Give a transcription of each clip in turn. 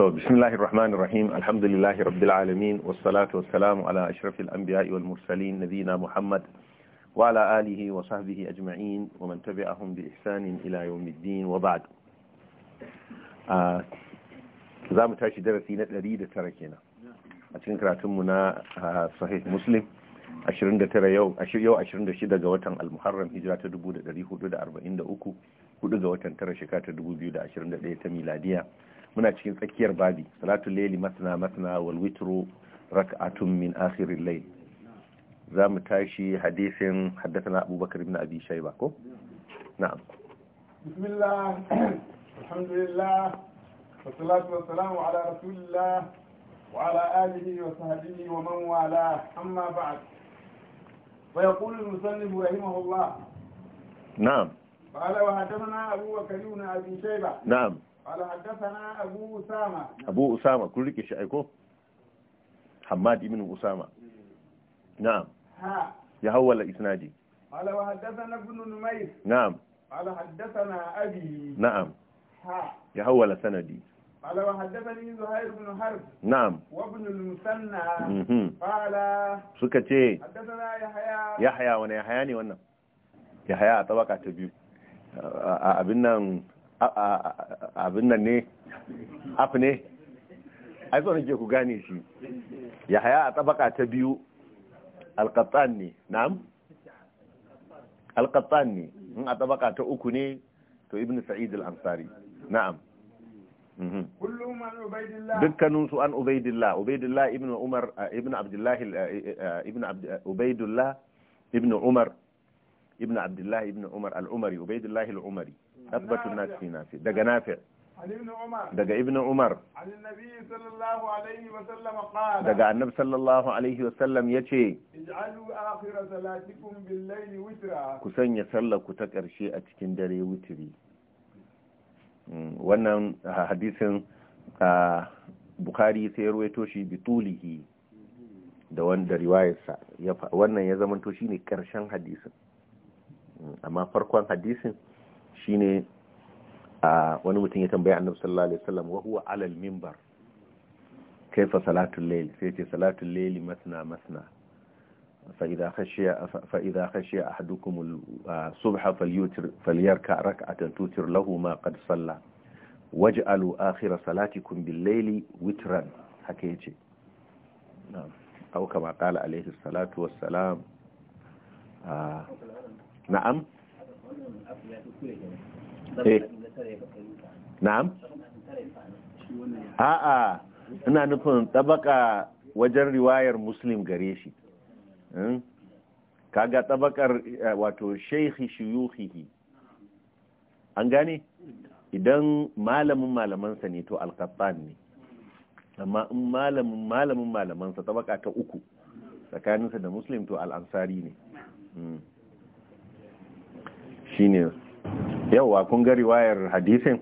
To, bismillahirrahmanirrahim, alhamdulillahi rabbil alamin, wassalatu wassalamu ala ashrafil anbiya'i wal mursalin nabina Muhammad wa ala alihi wa sahbihi ajma'in wa man tabi'ahum bi ihsanin ila yawmiddin wa ba'd. Ah, Za mu tashi darasi na ɗari da tara kenan. A cikin karatunmu na ah, Sahih Muslim 29 yau, yau 26 ga watan Al-Muharram Hijira ta 1443, 4 ga watan tara shekara ta 2021 ta miladiya. muna cikin tsakiyar babi Salatu layli matna matna wal witru rak'atun min akhiril layl za tashi hadisin haddathana abubakar ibn abi shayba ko na'am bismillah alhamdulillah wassalatu ala rasulillah wa ala alihi wa sahbihi wa man wala amma ba'd قال وحدثنا ابو بكر بن ابي شيبه نعم قال حدثنا أبو أسامة أبو أسامة كل لك شيء حماد بن أسامة نعم ها يهول إسنادي قال وحدثنا ابن نمير نعم قال حدثنا أبي نعم ها يهول سندي قال وحدثني زهير بن حرب نعم وابن المثنى قال سكتي حدثنا يحيى يحيى وانا يحيى ني يحيى yahaya تبيو abin nan abin nan ne af ne ai so nake ku gane shi ya haya a tabaka ta biyu alkatsan ne na'am alkatsan ne in a tabaka ta uku ne to ibn sa'id al-ansari na'am mhm. su an ubaidillah ubaidillah ibn umar ibn abdullahi ibn ubaidullah ibn umar ibn abdullahi ibn umar al-umari ubaidullah al-umari asbatun nasi nafi daga nafi daga ibn umar daga annabi sallallahu alaihi wasallam ya ce ku sanya sallaku ta ƙarshe a cikin dare wutiri wannan hadisin bukari sai ya ruwaito shi bitulihi da wanda riwayarsa wannan ya zama to ne ƙarshen hadisin amma farkon hadisin shine a wani mutum ya tambaya annabi sallallahu alaihi wasallam wa huwa alal minbar kaifa salatul layl sai ce salatul layl masna masna fa idza khashiya fa idza khashiya ahadukum subha falyutir falyarka rak'atan tutir lahu ma qad salla waj'alu akhir salatikum bil layli witran haka yace na'am aw kama qala alaihi salatu wassalam na'am Eh. na'am a'a ina nufin tabaka wajen riwayar muslim gare shi hmm? kaga tabakar eh, wato sheikhi shuyukhihi an gane idan malamin malamansa ne to alkatsan ne amma in malamin malamin malamansa tabaka ta uku tsakaninsa da muslim to al'ansari ne hmm. shine yawa kun ga riwayar hadisin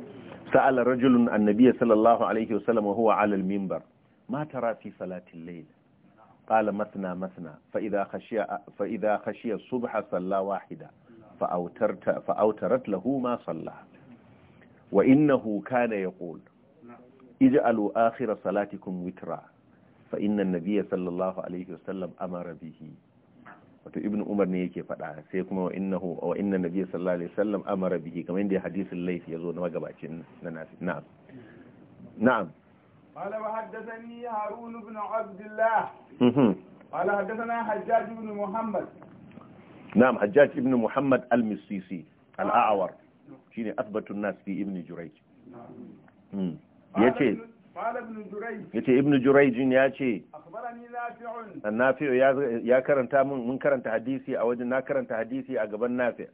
sa'ala rajulun annabi sallallahu alaihi wasallam huwa ala al-minbar ma tara fi salati layl qala masna masna fa idha khashiya fa idha khashiya subha salla wahida fa awtarta fa awtarat lahu ma salla wa innahu kana yaqul ij'alu akhir salatikum witra fa inna an-nabiy sallallahu alaihi wasallam amara bihi wato Ibn umar ne yake faɗa sai kuma wa innahu wa inna nabiy sallallahu alaihi wasallam amara bihi kamar inda hadisin laif yazo na magabacin na nasi na'am na'am قال وحدثني هارون بن عبد الله قال حدثنا حجاج بن محمد نعم حجاج بن yace ya ce ibn juraijin ya ce nafi'u ya karanta mun mun karanta hadisi a wajen na karanta hadisi a gaban nafi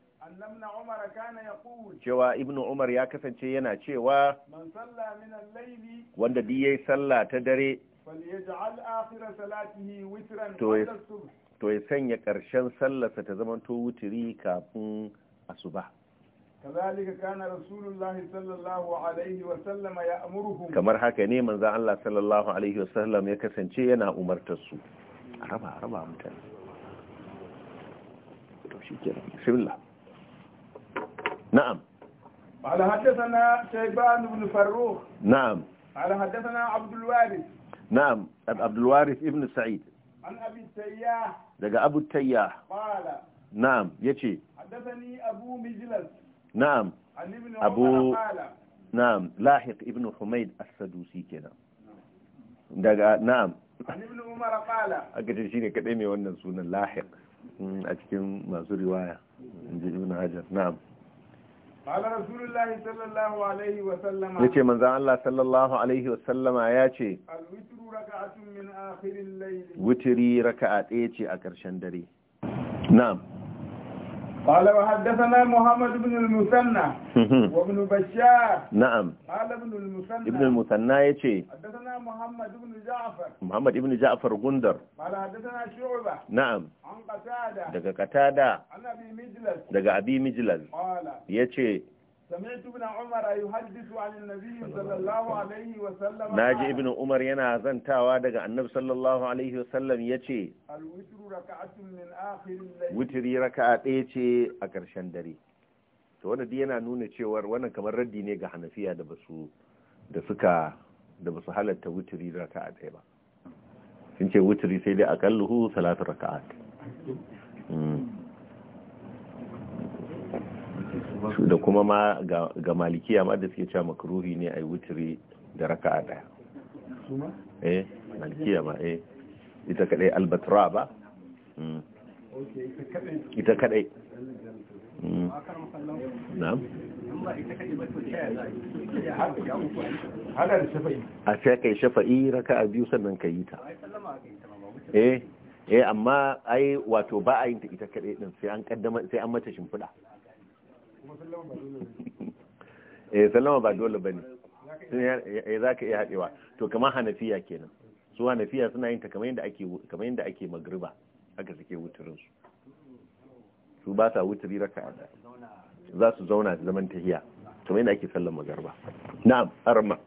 cewa ibnu umar ya kasance yana cewa wanda duk yayi sallah ta dare to ya sanya ƙarshen sallarsa ta zamanto wutiri kafin asuba كذلك كان رسول الله صلى الله عليه وسلم يأمرهم كما حكى ني من ذا الله صلى الله عليه وسلم يكسنشي ينا أمرتسو عربا عربا متن بسم الله نعم قال حدثنا شيبان بن فروخ نعم قال حدثنا عبد الوارث نعم عبد الوارث ابن سعيد عن أبي التياح لقى أبو التياح قال نعم يتي حدثني أبو مجلس na'am abu na'am lahiq ibn humaid as-sadusi kenan daga na'am aka shi ne kaɗai mai wannan sunan lahiq mm, a cikin masu riwaya in ji ibn hajar na'am ya ce manzan Allah sallallahu Alaihi wasallama ya ce, Alwitru raka'atun min akhirin Wutiri raka'a ɗaya ce a karshen dare. Na'am. قال وحدثنا محمد بن المثنى وابن بشار نعم قال ابن المثنى ابن المثنى يتي حدثنا محمد بن جعفر محمد بن جعفر غندر قال حدثنا شعبة نعم عن قتادة دقا قتادة عن أبي مجلس دقا أبي مجلس قال يتي سمعت ابن عمر يحدث عن النبي صلى الله عليه وسلم ناجي ابن عمر yana zantawa daga annabi صلى الله عليه yace يتي الوتر من الليل raka'a ɗaya ce a ƙarshen dare to wannan dai yana nuna cewar wannan kamar raddi ne ga Hanafiya da basu da suka da basu halatta wuturi raka'a ɗaya ba sun ce wuturi sai dai aqalluhu salatu raka'at hmm. da kuma ma ga malikiya ma da suke cewa makruhi ne a yi wutiri da raka a daya. eh malikiya ma eh ita kadai albatra ba hmm. ita kadai hmm. na'am a sai kai shafa'i raka a biyu sannan ka yi ta eh eh amma ai wato ba a yin ta ita kadai din sai an kaddama sai an mata shimfiɗa eh sallama ba dole bane eh, eh ka iya haɗewa. to kamar hanafiya kenan su hanafiya suna yin ta kamar yadda ake kamar yadda ake magriba haka suke wuturin su su ba sa wuturi raka'a da za su zauna da zaman tahiya kamar yadda ake sallama garba na'am arma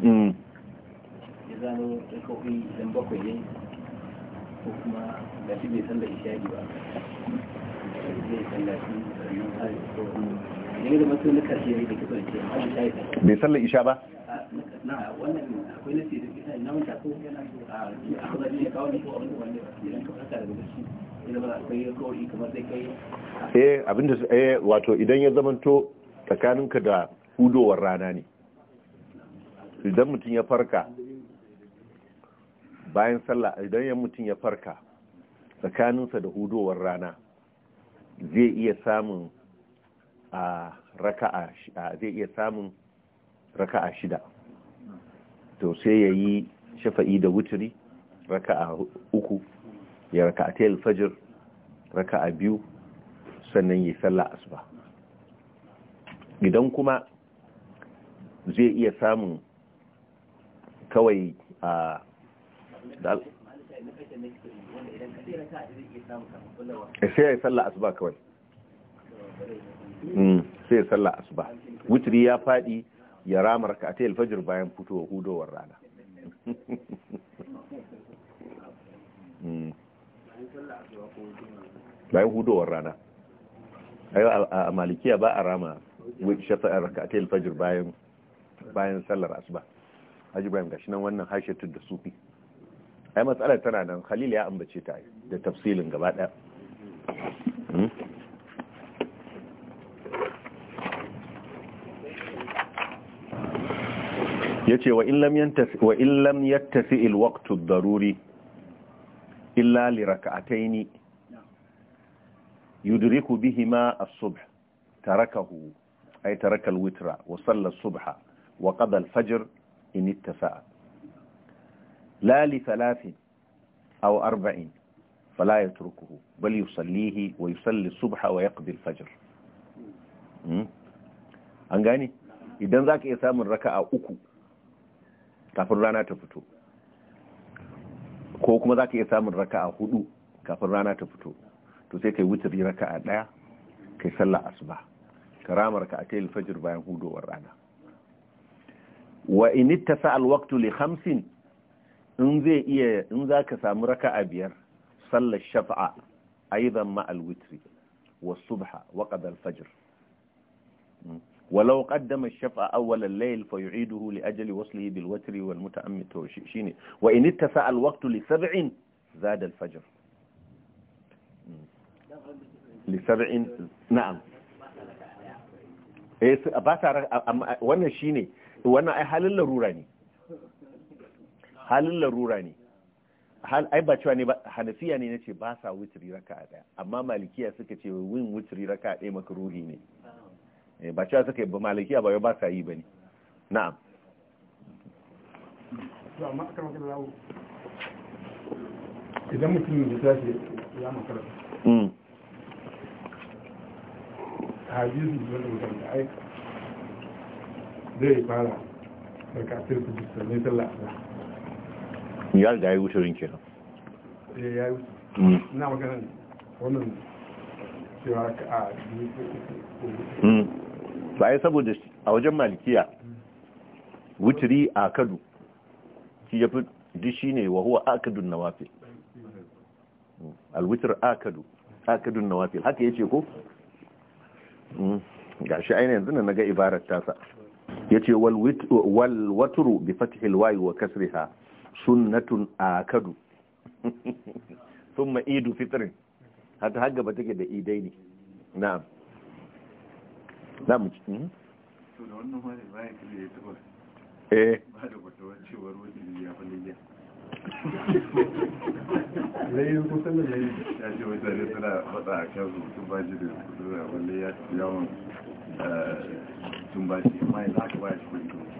Mm. Hmm. gano ƙarfafi idan bakwai ne ko kuma ga shi bai sallar ishaki ba zai shi sannan har ko ne da masu na karshe ne da kisa da ke har ishaki bai sallar isha ba na wannan akwai na nasi da kisa na manta ko yana a akwai ne kawo ne ko wani wani idan ka fasa daga bacci eh abinda eh wato idan ya zamanto tsakaninka da hudowar rana ne idan mutum ya farka bayan sallah idan ya mutum ya farka tsakaninsa da hudowar rana zai iya samun a raka'a zai iya samun raka'a shida to sai ya yi shafa'i da wuturi a uku ya raka'a ta raka raka'a biyu sannan ya sallah asuba idan kuma zai iya samun kawai a sai ya yi sallah asuba kawai hmm, sai ya sallah asuba wutiri ya faɗi ya rama raka'atai alfajir bayan fitowa hudowar rana hmm. bayan hudowar rana a malikiya ba a rama shafa'ar raka'atai alfajir bayan sallar asuba haji bayan gashi nan wannan tun da sufi ai matsalar tana nan khalil ya ambace ta da tafsilin gaba yace wa in lam ce wa in lam yattasi al waqt al daruri illa li rak'atayn yudriku bihima al subh tarakahu ay taraka al-witra wa salla al subha wa qada al-fajr in ittafa'a la li thalathin aw ya fala yatrukuhu bal yusallihi wa subha wa yaqdi an idan zaka iya samun raka'a uku kafin rana ta fito ko kuma zaka iya samun raka'a hudu kafin rana ta fito to sai kai wuturi raka'a daya kai sallah asuba karamar ka atayil fajr bayan hudowar rana wa in ittasa al-waqtu li khamsin in zai iya in za ka samu raka'a biyar sallar shafa'a aizan ma'al witri wa subha wa qadal fajr ولو قدم الشفع أول الليل فيعيده لأجل وصله بالوتر والمتأمل شيني وإن اتسع الوقت لسبع زاد الفجر لسبع نعم إيه باتا وانا شيني وانا أهل اللروراني halin larura ne hal ai ba cewa ne ba hanafiya ne nace ba sa wutri a daya amma malikiya suka ce win raka raka'a daya makruhi ne eh, ba cewa suka yi ba malikiya ba ba sa yi bane na'am to amma aka maka lawo idan mutum ya tashi ya makara mm hadisi da mutum ai zai fara barkatul kudus ne sallah ya da ya kenan eh, yi wuce mm. na a ba mm. ya saboda a wajen malikiya mm. wuturi a kadu shi ya fi dishi ne wa huwa a Kadu, a Kadun na wafe haka ya ce ko ga shi ainihin yanzu na ga ibarar tasa ya ce walwaturu bi fatihil wa wa ha. sunnatun a kadu sun idu fitirin hata haga ba take da idai ne Na, za mu ci hmm? wannan wani bayan ya taba eh ba da ya fi layin kusan da ya ce wai tare suna faɗa a kan da ya yawon ba shi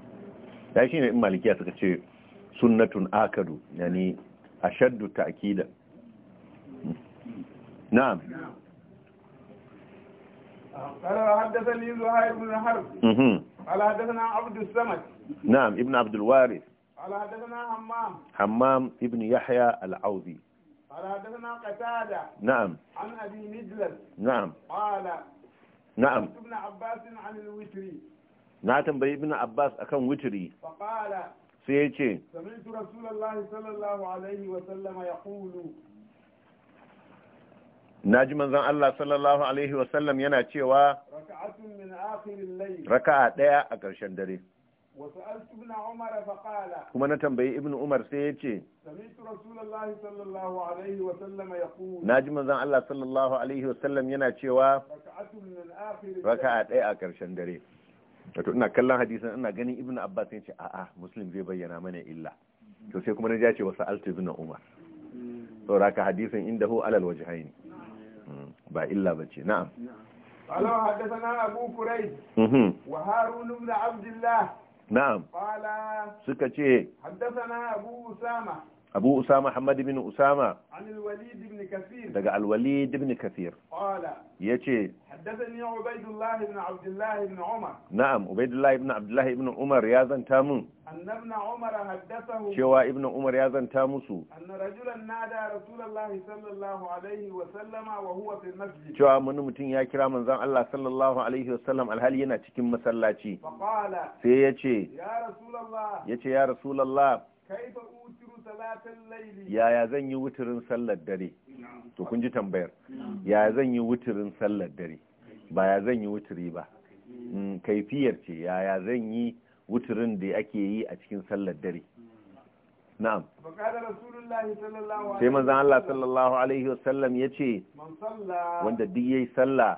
da shi ne in malikiya suka ce sunnatun akadu yani ashaddu ta'kida na'am قال حدثني قال حدثنا عبد الصمد نعم ابن عبد الوارث قال حدثنا حمام حمام ابن يحيى العوذي قال حدثنا قتادة نعم عن أبي مجلس نعم قال نعم ابن عباس عن الوتري na tambayi ibn abbas akan witiri sai ya ce sami'tu rasulullahi sallallahu alaihi wa sallama yaqulu naji manzon Allah sallallahu alaihi wa sallam yana cewa raka'atun min akhir al layl raka'a daya a karshen dare wa sa'altu ibn umar fa qala kuma na tambayi ibn umar sai ya ce sami'tu rasulullahi sallallahu alaihi wa sallama yaqulu naji manzon Allah sallallahu alaihi wa sallam yana cewa raka'atun min akhir al-layl raka'a daya a karshen dare wato ina kallon hadisan ina ganin ibn abbas sai ce a'a muslim zai bayyana mana illa to sai kuma na ja ce wasu altu ibn umar saboda ka hadisin inda hu alal wajhain hmm, ba illa bace na'am قال حدثنا أبو كريب وهارون بن عبد الله نعم قال سكتي حدثنا أبو أسامة abu usama hamad bin usama daga alwalid ibn kathir ya ce na'am ubaidullahi ibn abdullahi ibn umar ya zanta mun cewa ibn umar ya zanta musu cewa wani mutum ya kira manzan Allah sallallahu alaihi wasallam alhali yana cikin masallaci sai ya ce ya ce ya rasulallah yaya zan yi wuturin sallar dare to kun ji tambayar yaya zan yi wuturin sallar dare ba ya zan yi wuturi ba hmm, kaifiyar ce yaya zan yi wuturin da ake yi a cikin sallar dare na'am sai manzan Allah sallallahu alaihi wasallam ya ce wanda duk ya yi sallah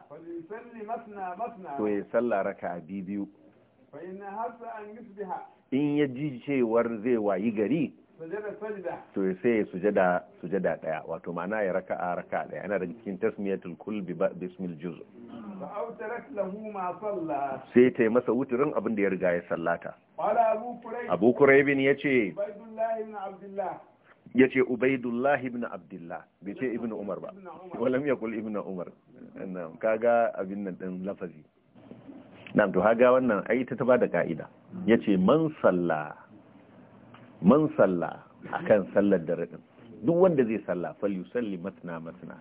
to ya yi sallah raka biyu in ya ji cewar zai wayi gari to sai sujada sujada daya wato ma'ana ya raka a raka daya yana da cikin tasmiyatul kul bi bismil juz sai ta yi masa wuturin abin da ya riga ya sallata abu kuraibin ya ce ya ce ubaidullahi ibn abdullah bai ce ibn umar ba walam ya kul ibn umar kaga abin nan din lafazi na to haga wannan ai ta ta bada ka'ida ya ce man sallah man salla akan sallar dare raɗin duk wanda zai salla fal yusalli matna matna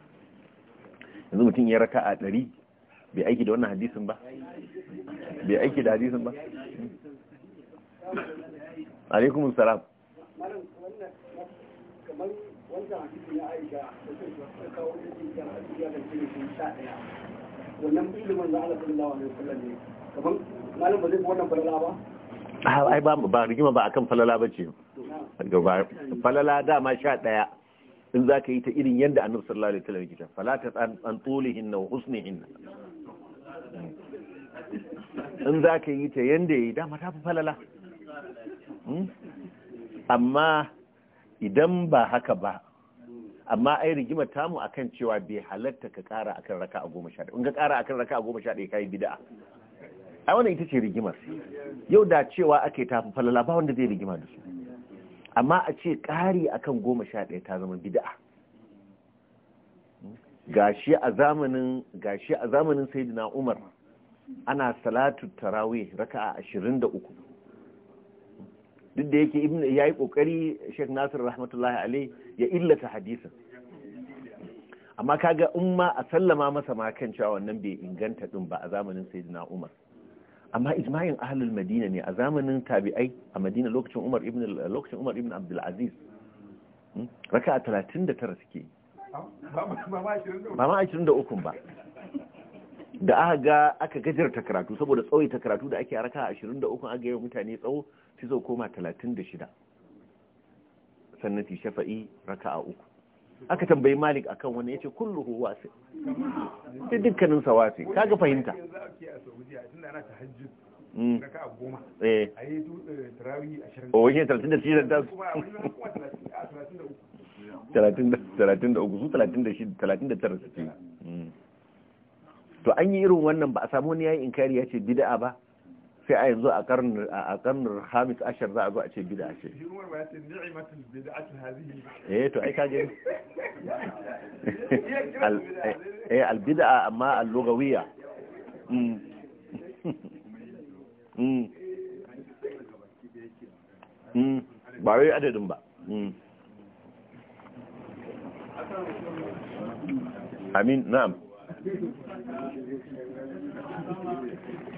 yanzu mutum ya raka a ɗari bai aiki da wannan hadisin ba bai aiki da hadisin ba alaikum salam wannan ilimin ne kullum ne kamar ba zai wannan ba Ah, ai ba ba rigima ba akan falala bace falala dama sha daya in za ka yi ta irin yadda annabi sallallahu alaihi wasallam kita falata an tulihin na husnihin in za ka yi ta yadda yi dama ta fi falala hmm? amma idan ba haka ba amma ai rigima tamu akan cewa bai halatta ka kara akan raka a goma sha in ka kara akan raka a goma sha ɗaya ka yi ai wannan ita ce rigimar yau da cewa ake tafi falala ba wanda zai rigima da su amma a ce ƙari akan goma sha ɗaya ta zama bid'a gashi a zamanin gashi a zamanin sayyidina Umar ana salatu tarawi raka'a 23 duk da yake ibnu yayi kokari Sheikh Nasir rahmatullahi alai ya illata hadisin amma kaga in ma a sallama masa makan kan cewa wannan bai inganta din ba a zamanin sayyidina Umar amma ijma'in ahlul madina ne a zamanin tabi'ai a madina lokacin umar ibn lokacin umar ibn abdul aziz hmm? raka'a 39 suke ba ma 23 ba da aka ga aka gajarta karatu saboda tsawaita karatu da ake a raka'a 23 aka yi mutane tsawo sai zo koma 36 sannati shafa'i raka'a uku aka tambayi malik akan wani yace kulluhu wasi sai dukkanin sa wasi kaga fahimta to an yi irin wannan ba a samu wani yayi inkari ya ce bid'a ba sai a yanzu a karnin hamis ashir za a zo a ce bid'a ce eh to aika gini eh, eh albida bid'a amma allogawiya mm. mm. mm. ba wai adadin ba amin na'am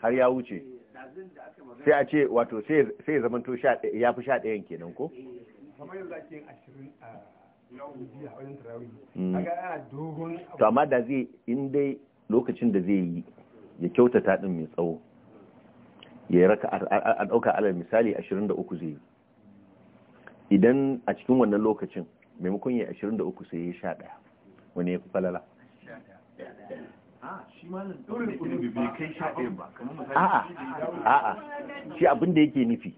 har ya wuce sai a ce wato sai ya zamanto ya fi sha ɗayan kenan ko mm. to amma da zai in dai lokacin da zai yi ya kyautata din mai tsawo ya raka a ɗauka alal misali 23 zai yi idan a cikin wannan lokacin maimakon ya 23 sai ya sha ɗaya wani ya fi falala a'a a'a shi abin da yake nufi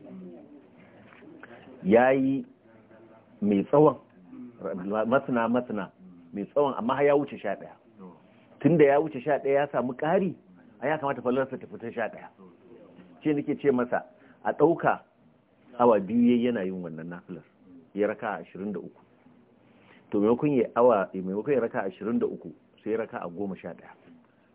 yayi mai tsawon masana masana mai tsawon amma ya wuce sha ɗaya tun da ya wuce sha ɗaya ya samu ƙari a ya kamata fallarsa ta fita sha ɗaya ce nake ce masa a ɗauka awa biyu yayi yana yin wannan nafilar ya raka ashirin da uku to maimakon ya awa maimakon ya raka ashirin da uku sai ya raka a goma sha ɗaya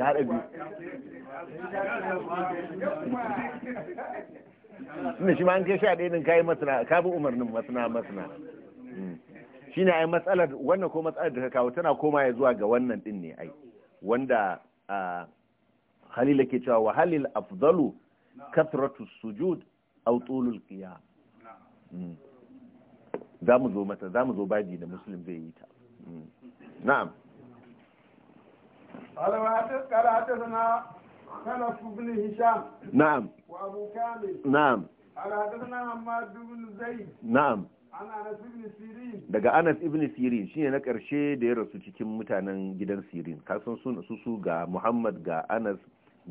ki haɗa biyu shi ma an kai sha ɗaya ɗin kayi masana ka bi umarnin masana masana hmm. shi ne ai matsalar wannan ko matsalar da ka kawo tana koma ya zuwa ga wannan ɗin ne ai wanda halila ke cewa wa halil afdalu kathratu sujud aw tulul qiyam hmm. za mu zo mata za mu zo baji da muslim zai yi ta hmm. na'am قال حدثنا خلف بن هشام نعم وابو كامل نعم قال حدثنا حماد بن زيد نعم daga anas ibn sirin shine na karshe da ya rasu cikin mutanen gidan sirin kasan sun su su ga muhammad ga anas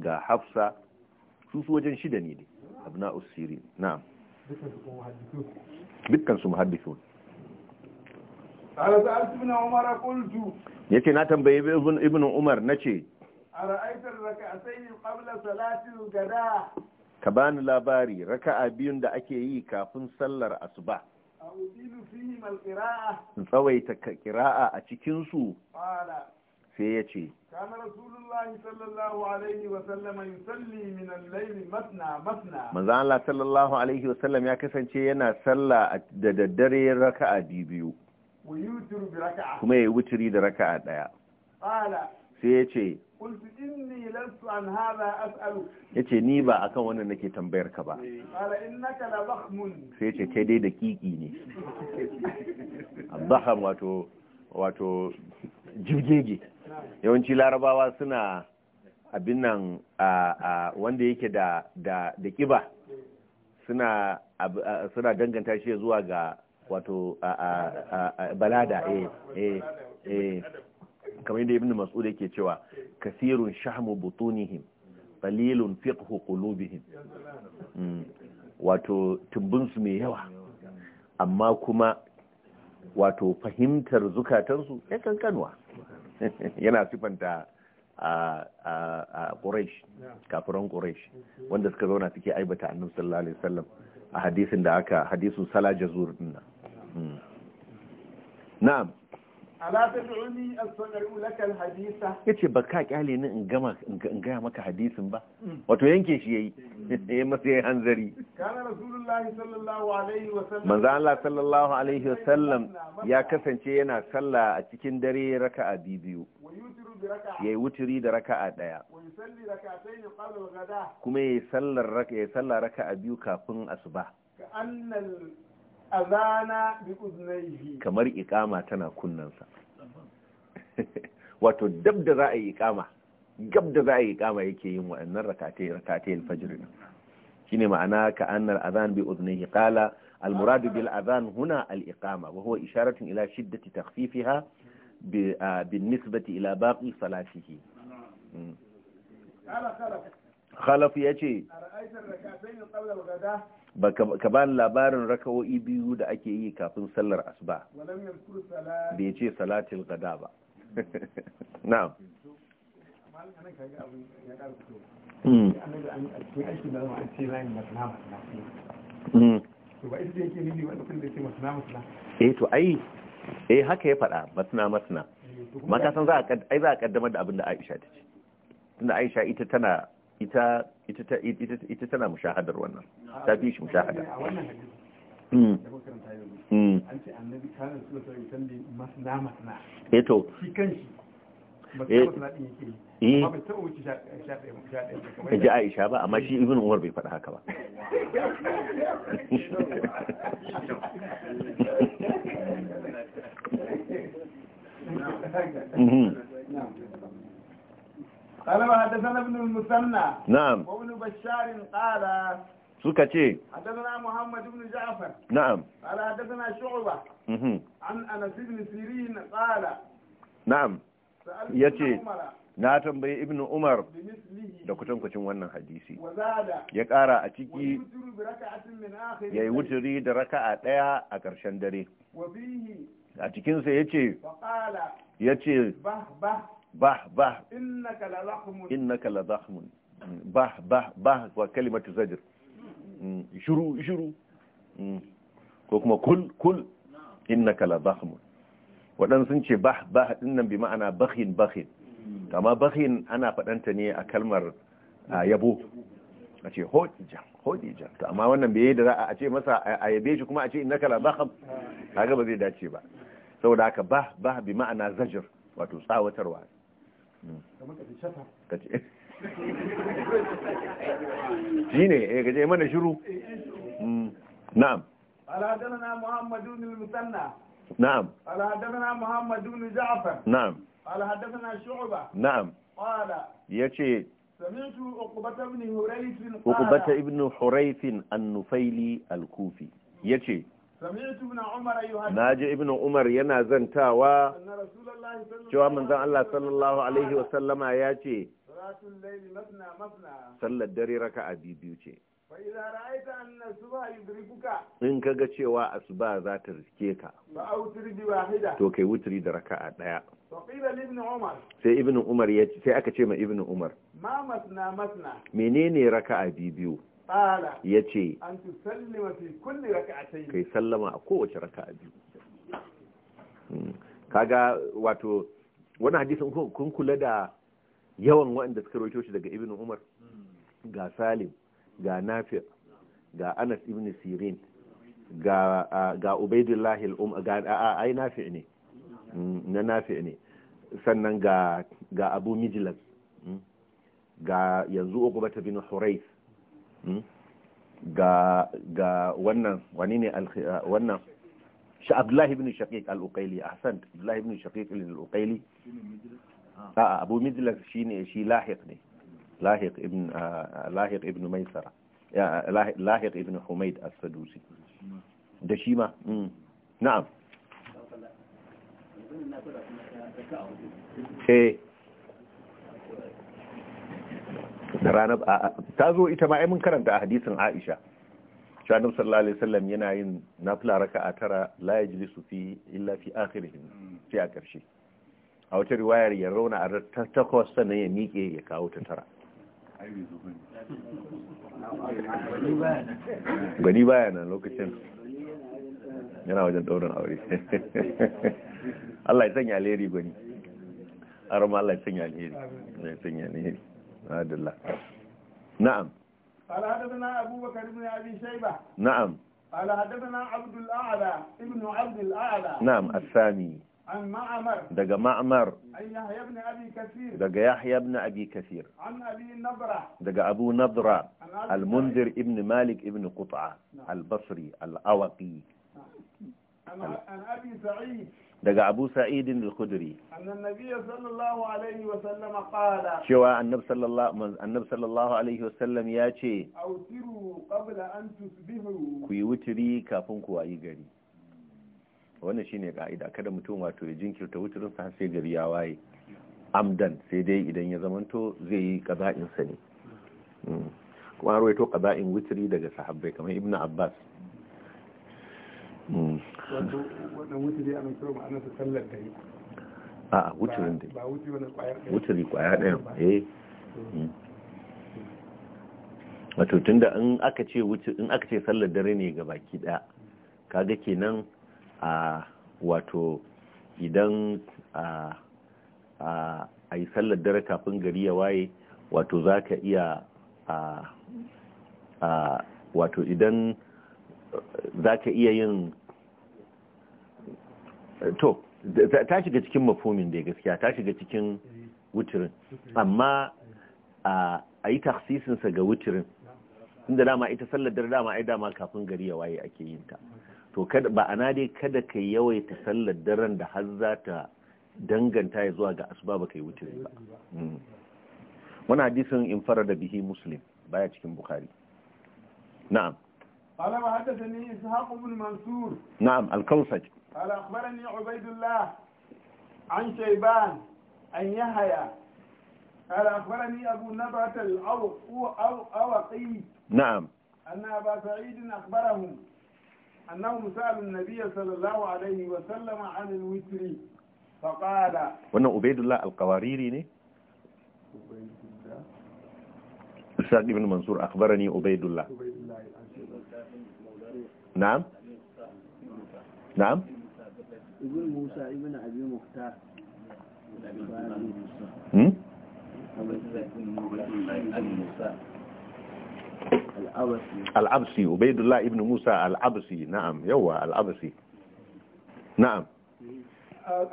ga hafsa su su wajen shida ne abna us sirin na'am dukkan su muhaddisun قال سألت ابن عمر قلت يتي نا تنبيه ابن ابن عمر نتي أرأيت الركعتين قبل صلاة الغداء ka bani labari raka'a biyun da ake yi kafin sallar asuba in tsawaita kira'a a cikinsu sai yace. ce Allah sallallahu ya kasance yana sallah da daddare raka'a biyu kuma ya yi wuturi da raka a ɗaya sai ya ce ya ce ni ba kan wannan nake tambayar ka ba sai ya ce kai dai da kiki ne abdaham wato wato jirgege yawanci larabawa suna abin nan wanda yake da da kiba suna danganta shi zuwa ga wato balada eh, eh, eh kamar yadda ibn mas'ud yake cewa kasirun shahmu butunihim qalilun fiqhu qulubihim mm. wato tumbun mai yawa amma kuma wato fahimtar zukatansu ya kankanwa yana sifanta a Quraysh kafiran Quraysh wanda suka zauna suke aibata annabi sallallahu alaihi wasallam a hadisin da aka hadisin sala dinna Hmm. na'am ala tad'uni yace ba ka kyale ni in gama in gaya maka hadisin ba hmm. wato yanke shi yayi yayi masa yayi hanzari kana rasulullahi sallallahu alaihi wa sallam Allah sallallahu alaihi ya kasance yana sallah a cikin dare raka'a biyu yayi wuturi da raka'a daya kuma yayi sallar raka'a biyu kafin asuba أذانا بأذنيه كمر إقامة تنا كنا نسا واتو رأي إقامة قبد رأي إقامة يكي يمو أن ركعتي ركعتي الفجر كيني معناه كأن الأذان بأذنيه قال المراد بالأذان هنا الإقامة وهو إشارة إلى شدة تخفيفها آه، بالنسبة إلى باقي صلاته قال خلف خلف يجي أرأيت الركعتين قبل الغداء ka ba labarin rakawo'i biyu da ake yi kafin sallar asuba bai ce salatin gada ba na'am eh to ai eh haka ya fada matna eh, matna makasan za a kaddamar da abin da Aisha ta ce tunda Aisha ita tana ita ita ita ita tana mushahadar wannan ta fi shi mushahada hmm. hmm. eto eh eh. eh. ji aisha ba amma shi ibn umar bai faɗa haka ba hmm. قال حدثنا ابن المثنى نعم وابن بشار قال suka ce حدثنا محمد بن جعفر نعم قال حدثنا شعبة عن أنس بن سيرين قال نعم na tambayi ibnu umar da kutankucin wannan hadisi ya kara a ciki ya yi wuturi da raka'a ɗaya a ƙarshen dare a cikinsa ya ce ya ce bah bah innaka la zahmun innaka la bah bah bah wa kalimatu zajr shuru mm, shuru mm. ko kuma kul kul innaka la zahmun wadan sun ce bah bah nan bi ma'ana bakhin bakhin kama bakhin ana fadanta ne a kalmar yabo a ce hodijan hodijan to amma wannan bai da za a ce masa a yabe shi kuma a ce innaka la zakham kaga ba zai dace ba saboda haka bah bah bi ma'ana zajr wato tsawatarwa shi ne ya eh, gaje mana shiru na'am mm. alhadana muhammadu bin musanna na'am alhadana muhammadu bin ja'afar na'am alhadana shu'uba na'am qala yace سمعت عقبة بن حريث an-nufaili al-kufi ya ce na ji ibn umar yana zantawa cewa manzon Allah sallallahu alaihi wasallama ya ce sallar dare raka a biyu ce in ka ga cewa asuba za ta riske ka to kai wuturi da raka a ɗaya sai ibn umar ya ce sai aka ce ma ibn umar menene raka a biyu ya ce kai sallama a kowace raka a biyu hmm. kaga wato wani hadisin kun kula da yawan waɗanda suka roito shi daga ibn umar hmm. ga salim ga nafi ga anas ibn sirin ga ubaidullahi ga ai nafi ne hmm, na nafi ne sannan ga abu mijlan ga yanzu uqbata bin Hurais. ga ga wannan wani ne wannan shi abdullahi ibn shaqiq al-uqayli ahsan abdullahi ibn shaqiq al-uqayli ah. a abu midlas shine shi lahiq ne lahiq ibn ah, lahiq ibn maisara lahiq ibn humayd as-sadusi da shi ma mm. na'am eh da ranar ta zo ita ma mun karanta a hadisin Aisha shi sallallahu alaihi wasallam yana yin na fula raka a tara la su fi illa fi akhirih sai a karshe a wata riwayar ya rauna a ta takwas sannan ya miƙe ya kawo ta tara gani baya nan lokacin yana wajen ɗaurin aure Allah ya sanya alheri a arama Allah ya sanya alheri ya sanya alheri adalla نعم قال حدثنا أبو بكر بن أبي شيبة نعم قال حدثنا عبد الأعلى ابن عبد الأعلى نعم الثاني عن معمر دقى معمر عن يحيى بن أبي كثير دقى يحيى بن أبي كثير عن أبي نضرة دقى أبو نضرة المنذر ابن مالك ابن قطعة نعم. البصري الأوقي نعم. عن أبي سعيد daga abu sa'idin al-khudri cewa annab sallallahu alaihi wasallam ya ce ku yi wuturi kafin ku wayi gari wannan shine ka'ida kada mutum wato ya jinkirta wuturin har sai gari ya waye amdan sai dai idan ya zamanto zai yi qaza'insa ne hmm. kuma rawaito qaza'in wuturi daga sahabbai kamar ibnu abbas hmm. wato wannan wuturi ana kiro ma'ana su sallar dare a wuturin dai ba wuturi wani kwaya ɗaya wuturi kwaya ɗaya eh hmm. wato tunda in aka ce sallar dare ne ga baki ɗaya kaga kenan a wato idan a a yi sallar dare kafin gari ya waye wato za ka iya a wato idan za ka iya yin to ta shiga cikin mafomin da gaskiya ta shiga cikin wuturin, amma a yi taksisinsa ga wuturin, inda dama ita sallar dare dama ai dama kafin gari ya waye ake yin ta to kada ba ana dai kada ka yawaita sallar daren da har za ta danganta ya zuwa ga asuba ba kai wuturin ba mm. wani hadisin in fara da bihi muslim baya cikin bukhari na'am قال وحدثني بن منصور نعم الكوسج قال أخبرني عبيد الله عن شيبان أن يحيى قال أخبرني أبو أو الأوقي نعم أن أبا سعيد أخبرهم أنهم سألوا النبي صلى الله عليه وسلم عن الوتر فقال وأن عبيد الله القواريري ني أستاذ الله بن منصور أخبرني عبيد الله نعم نعم ibn musa ibn abi muhtar hmm? al'absi ubaidullah ibn musa al'absi na'am yawa al'absi na'am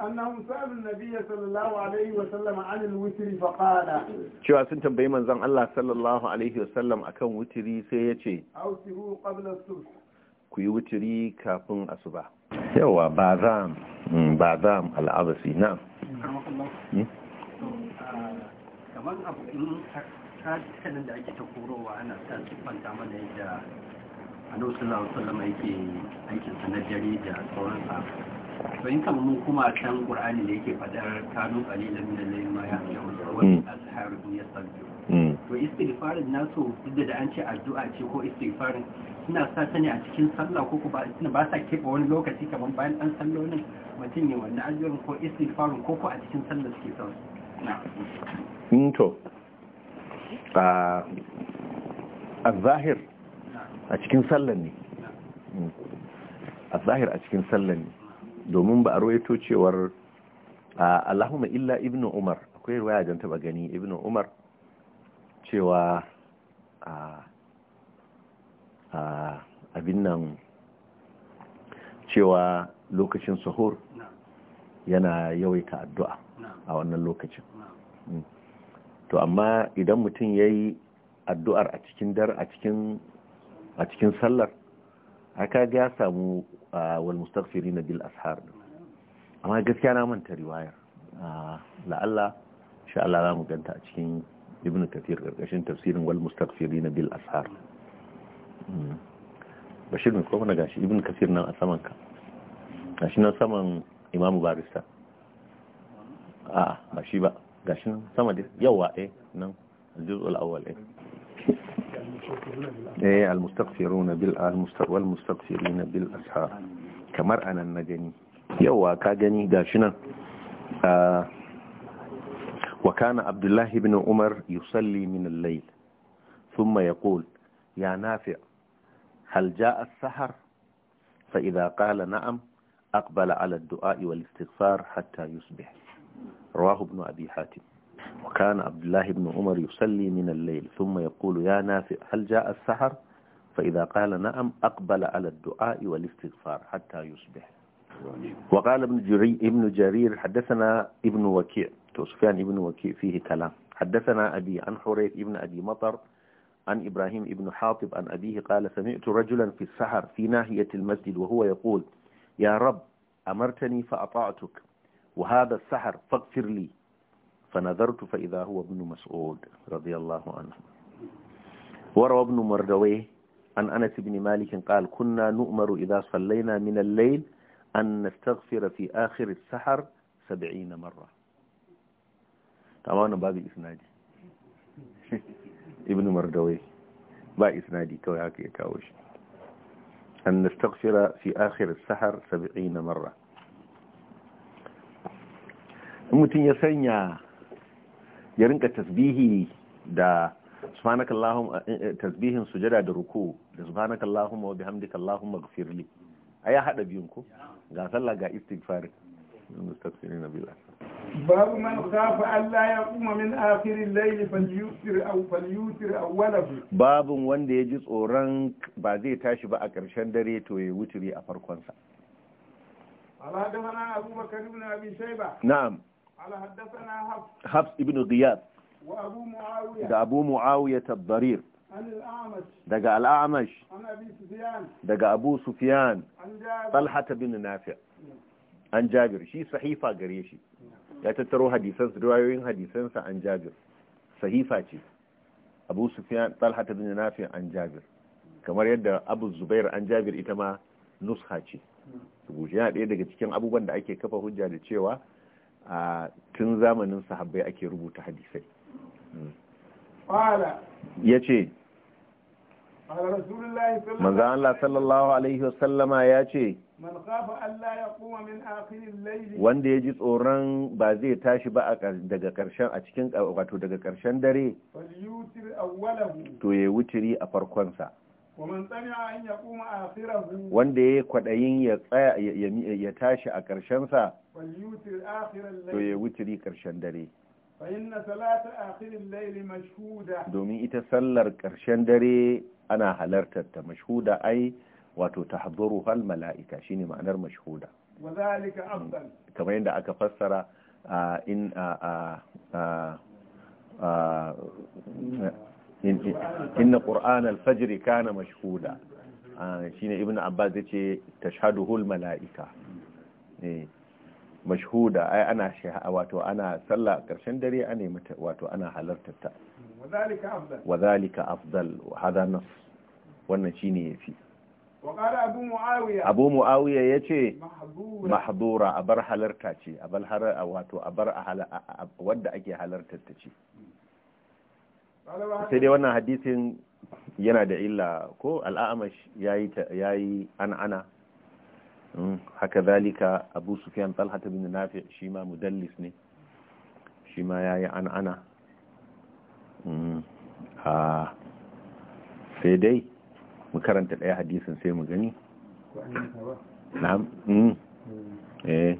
annahum sa'alu nabiyya sallallahu alaihi wa sallam 'an al-witr fa qala cewa sun tambayi manzon Allah sallallahu alaihi wa sallam kan witri sai yace ausihu qabla as-subh ku yi wuturi kafin asuba yawa ba za mm, ba za al'abasi na hmm? uh, kamar abu in kanin da ake ta korowa ana ta siffanta mana yadda a annabi sallallahu wasu wasallam yake aikin sanadari da sauransa to in kama mun kuma can qur'ani da yake fadar kanu qalilan min al-layli ma yahjaun wa hmm. azharu yasabbi to istighfarin nasu duk da an ce addu'a ce ko istighfarin suna sa ta ne a cikin sallah ko ba suna ba sa keɓe wani lokaci kamar bayan ɗan sallolin mutum ne wannan addu'ar ko istighfarin ko ko a cikin sallah suke sa su mm, to a zahir a cikin sallah ne mm. a zahir a cikin sallah ne domin ba a roito cewar Allahumma illa ibnu Umar akwai ruwaya don taba gani ibnu Umar cewa a abin nan cewa lokacin suhur yana yawaita addu'a a wannan lokacin mm. to amma idan mutum ya yi addu'ar a cikin dar a cikin sallar aka ga ya samu wal mustaghfiri na bil ashar amma gaskiya na manta riwayar la'alla sha Allah za mu ganta a cikin ibn kathir karkashin tafsirin wal mustaghfirin bil ashar bashir ko kuma gashi ibn kathir nan a saman ka gashi nan saman imamu barista a ba shi ba gashi nan sama da yawa eh nan الجزء wal إيه إيه المستغفرون بالمستغ والمستغفرين بالأسحار كمر النجني يوا كاجني قاشنا وكان عبد الله بن عمر يصلي من الليل ثم يقول يا نافع هل جاء السحر فإذا قال نعم أقبل على الدعاء والاستغفار حتى يصبح رواه ابن أبي حاتم وكان عبد الله بن عمر يصلي من الليل ثم يقول يا نافع هل جاء السحر فإذا قال نعم أقبل على الدعاء والاستغفار حتى يصبح وقال ابن جرير, ابن جرير حدثنا ابن وكيع سفيان بن وكيع فيه كلام حدثنا أبي عن حريث ابن أبي مطر عن إبراهيم ابن حاطب عن أبيه قال سمعت رجلا في السحر في ناهية المسجد وهو يقول يا رب أمرتني فأطعتك وهذا السحر فاغفر لي فنظرت فإذا هو ابن مسعود رضي الله عنه وروى ابن مردويه عن أنس بن مالك قال كنا نؤمر إذا صلينا من الليل أن نستغفر في آخر السحر سبعين مرة amma wannan babu isnadi ibn mardawai ba isnadi kawai haka ya kawo shi an nastaghfira fi akhir as sahar 70 marra mutum ya sanya ya rinka tasbihi da subhanakallahum eh, eh, tasbihin sujada da ruku da subhanakallahumma wa bihamdika allahumma ighfirli aya hada biyun ko ga sallah ga istighfar mustaghfirin billah باب من خاف ألا يقوم من آخر الليل فليوتر أو فليوتر أوله باب وند يجز أوران بعدي تاشي بقى كرشان دري توي وتري أفركونسا على حدثنا أبو بكر بن أبي شيبة نعم على حدثنا حفص حفص ابن غياب وأبو معاوية ده أبو معاوية الضرير daga al'amash daga abu sufiyan talhata bin nafi an jabir shi sahifa gare shi ya tattaro hadisan su riwayoyin hadisan sa an Jabir sahifa ce Abu Sufyan Talha bin Nafi an Jabir kamar yadda Abu Zubair an Jabir ita ma nusha ce rubuce yana ɗaya daga cikin abubuwan da ake kafa hujja da cewa a tun zamanin sahabbai ake rubuta hadisai hmm. ya ce manzan Allah sallallahu Alaihi wasallama ya ce wanda ya ji tsoron ba zai tashi ba daga karshen a cikin wato daga karshen dare to ya wuciri a farkonsa wanda ya kwaɗayin ya tashi a sa. to ya wuciri ƙarshen dare domin ita sallar ƙarshen dare ana halartar ta mashhuda ai wato tahdhuruha al mala'ika ne ma'anar mashhuda kamar yadda aka fassara in inna qur'an al fajr kana mashhuda shine Ibn abbas yace ce al mala'ika eh mashhuda ai ana wato ana sallah ƙarshen dare ana mata wato ana halartar ta wadhalika afdal wadhalika hada nas wannan ya yafi abu mu'awiya ya ce mahdura a bar halarta ce a bar wato a bar wadda ake halartar ta ce sai dai wannan hadisin yana da illa ko al'amash ya yi an'ana haka zalika abu sufiyan talhata bin nafi shi ma mudallis ne shi ma ya yi an'ana sai dai mu karanta ɗaya hadisin sai mu gani na'am eh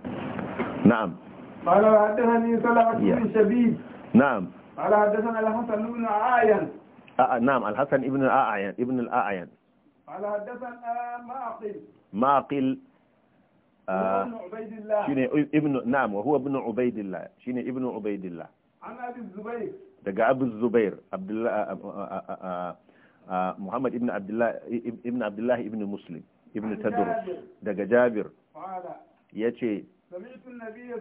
na'am qala hadathani salawat bin shabib na'am qala hadathana al-hasan ibn a'yan a'a na'am al-hasan ibn al-a'yan ibn al-a'yan qala hadathana ma'qil ma'qil shine ibn na'am wa huwa ibn ubaydillah shine ibn ubaydillah an abi zubair daga abu zubair abdullah Muhammad ibn Abdullahi ibn Muslim ibn Tadrus daga Jabir ya ce na ji annabi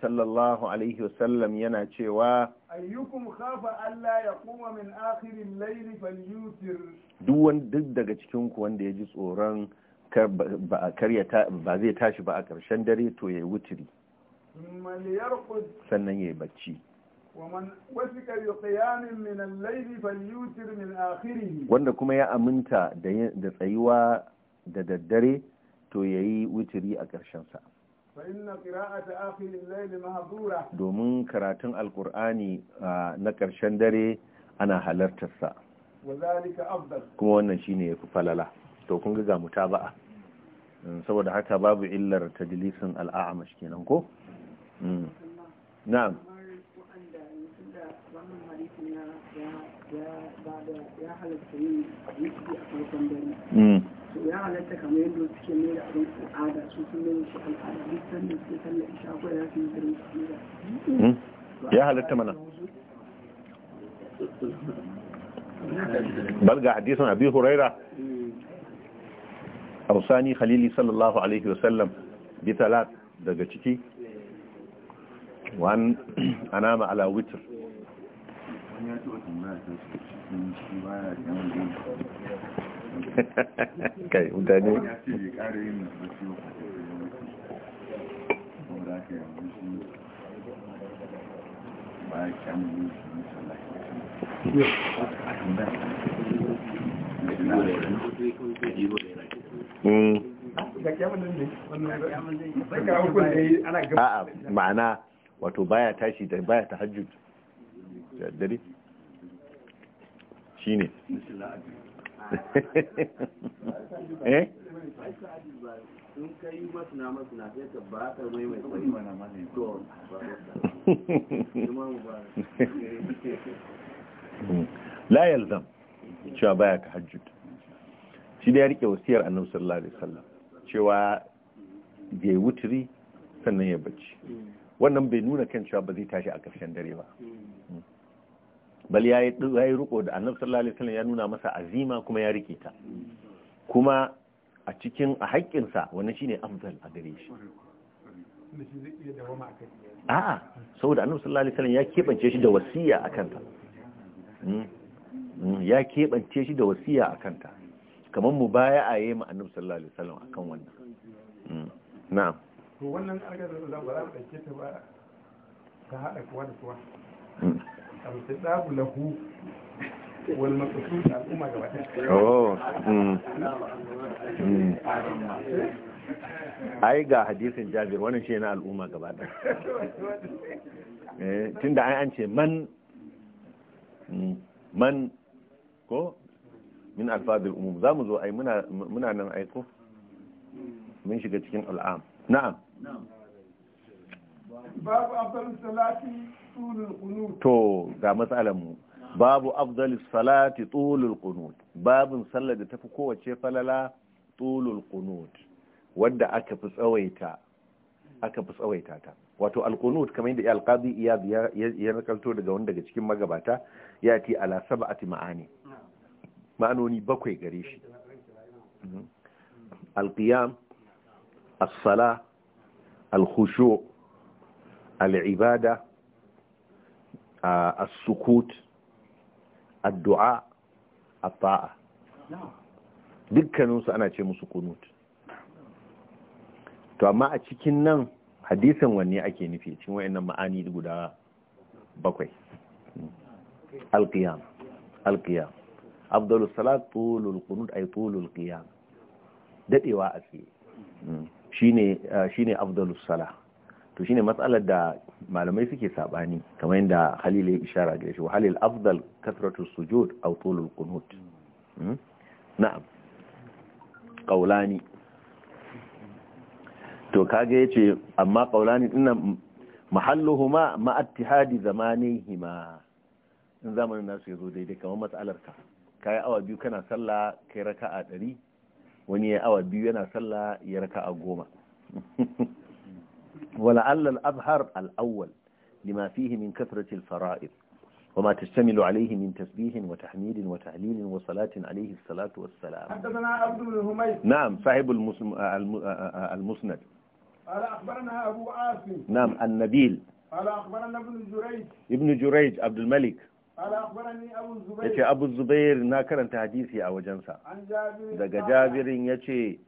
sallallahu alaihi wasallam yana cewa ayyukum khafa Allah ya kuma min akhirin laili falyutir duk daga cikin wanda ya ji tsoron ba zai tashi ba a ƙarshen dare to ya yi wutiri sannan ya yi bacci wanda kuma ya aminta da tsayuwa da daddare to ya yi wutiri a ƙarshensa domin karatun alkur'ani na ƙarshen dare ana halartarsa kuma wannan shine ya fi falala to kun ga mutaba'a mm, saboda haka babu illar tajlisin al'a'amash kenan ko mm. na'am ya halatta yin mm. kamar yadda suke mai da abin al'ada su sun shi al'ada ya fi mm. mana ga hadisin abi huraira ausani khalili sallallahu bi daga ciki wa anama ala wutar. Okay, kai mutane a'a ma'ana wato baya tashi da baya tahajjud da dare Shi ne. Eh? la yalzam cewa baya ka hajjud shi da ya rike wasiyar annabi sallallahu alaihi wasallam cewa ya wuturi sannan ya bacci wannan bai nuna kan cewa ba zai tashi a ƙarshen dare ba bal ya yi riko da annabi sallallahu alaihi wasallam ya nuna masa azima kuma ya rike ta kuma a cikin a haƙƙinsa wannan shine afdal a gare shi a'a saboda annabi sallallahu alaihi wasallam ya kebance shi da wasiya akan ta hmm? hmm, ya kebance shi da wasiya akan ta kamar mu baya a yi ma annabi sallallahu alaihi wasallam akan wannan hmm, na'am to wannan alƙawarin da za mu ɗauke ta ba ta haɗa kuwa da kuwa abu ta lahu wal maqsud al'umma gaba ɗaya oh hmm. Hmm. ai ga hadisin jabir wannan shi na al'umma gaba ɗaya eh, tunda an ce man hmm, man ko min alfadil umum za mu zo ai muna nan aiko mun shiga cikin al'am na'am babu afdalus salati to ga matsalar mu babu afdalis salati tulul qunut Babu sallar da tafi kowace falala tulul qunut wanda aka fi tsawaita aka fi tsawaita ta wato al-qunut kamar yadda alqadi iyad ya nakalto daga wanda daga cikin magabata ya ti ala sab'ati ma'ani ma'anoni bakwai gare shi mhm. alqiyam as-sala al-khushu' al-ibada as-sukut addu'a at-ta'a dukkaninsu ana ce musu kunut to amma a cikin nan hadisin wanne ake nufi cikin wayannan ma'ani guda bakwai al-qiyam al-qiyam afdalu salat tulul kunut ay tulul qiyam dadewa a tsaye shine shine afdalu salat to shine matsalar da malamai suke sabani kamar yadda Halil ya ishara gare shi halil afdal kasratu sujud aw tulul qunut hmm? na'am qaulani to kage yace amma qaulani dinnan mahalluhuma ma ittihadi zamanihima in zamanin nasu yazo daidai kamar matsalar ka kai awa biyu kana sallah kai raka'a 100 wani ya awa biyu yana sallah ya raka'a 10 ولعل الأظهر الأول لما فيه من كثرة الفرائض وما تشتمل عليه من تسبيح وتحميد وتهليل وصلاة عليه الصلاة والسلام حدثنا عبد بن هميد نعم صاحب المسند قال أخبرنا أبو عاصم نعم النبيل قال أخبرنا ابن جريج ابن جريج عبد الملك ya ce abu zubair na karanta hadisi a wajensa daga jabirin ya ce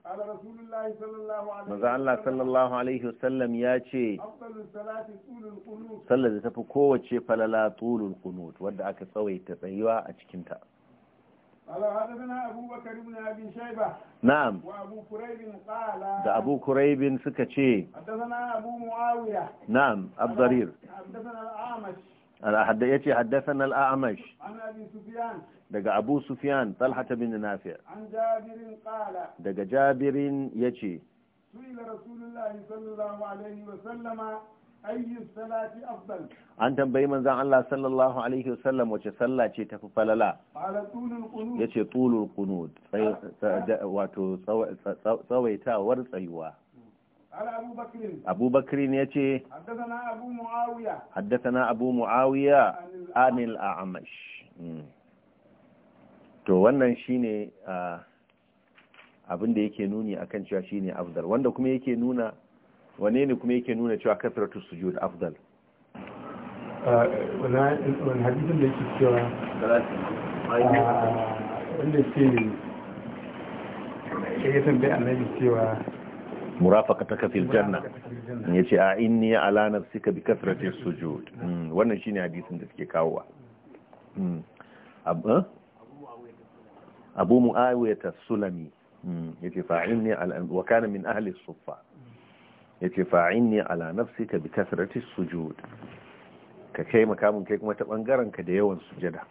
maza Allah sallallahu alaihi wasallam ya ce sallar tafi kowace falala tulul kunut wadda aka tsawaita tsayuwa a cikinta na'am da abu kuraibin suka ce na'am abdarir yace haddasa haddasan al'amash daga abu sufyan talhata bin nafi'a daga jabirin ya ce an tambayi manzan Allah sallallahu Alaihi wasallam wace sallah ce tafi falala ya ce tulul wato tsawaitawar tsayuwa أبو بكر يتي حدثنا أبو معاوية حدثنا أبو معاوية عن الأعمش to wannan shine abin da yake nuni akan cewa shine afdal wanda kuma yake nuna wane ne kuma yake nuna cewa su sujud afdal wani hadisin da yake cewa wanda ke ya tambaye annabi cewa ta fil janna yace a inni ala nafsika bi kasrati sujud hmm, wannan shine hadisin da suke kawowa hmm. eh? abu muawiya ta sulami hmm, yace fa inni ala wa kana min ahli Sufa. suffa yace fa inni ala nafsika bi kasrati sujud ka kai makamin kai kuma ta bangaren ka da yawan sujada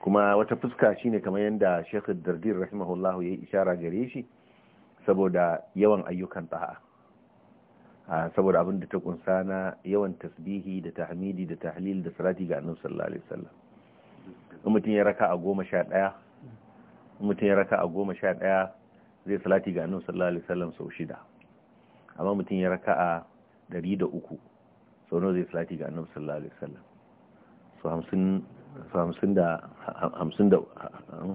kuma wata fuska shine kamar yanda Sheikh Dardir rahimahullahu yayi ishara gare shi saboda yawan ayyukan ta'a ah, saboda abin da ta kunsa na yawan tasbihi da tahmidi da tahlil da salati ga annabi sallallahu alaihi wasallam mutum ya raka a goma sha ɗaya mutum ya raka a goma sha zai salati ga annabi sallallahu alaihi wasallam sau shida amma mutum ya raka a ɗari da uku sau nawa zai salati ga annabi sallallahu alaihi wasallam so hamsin da hamsin da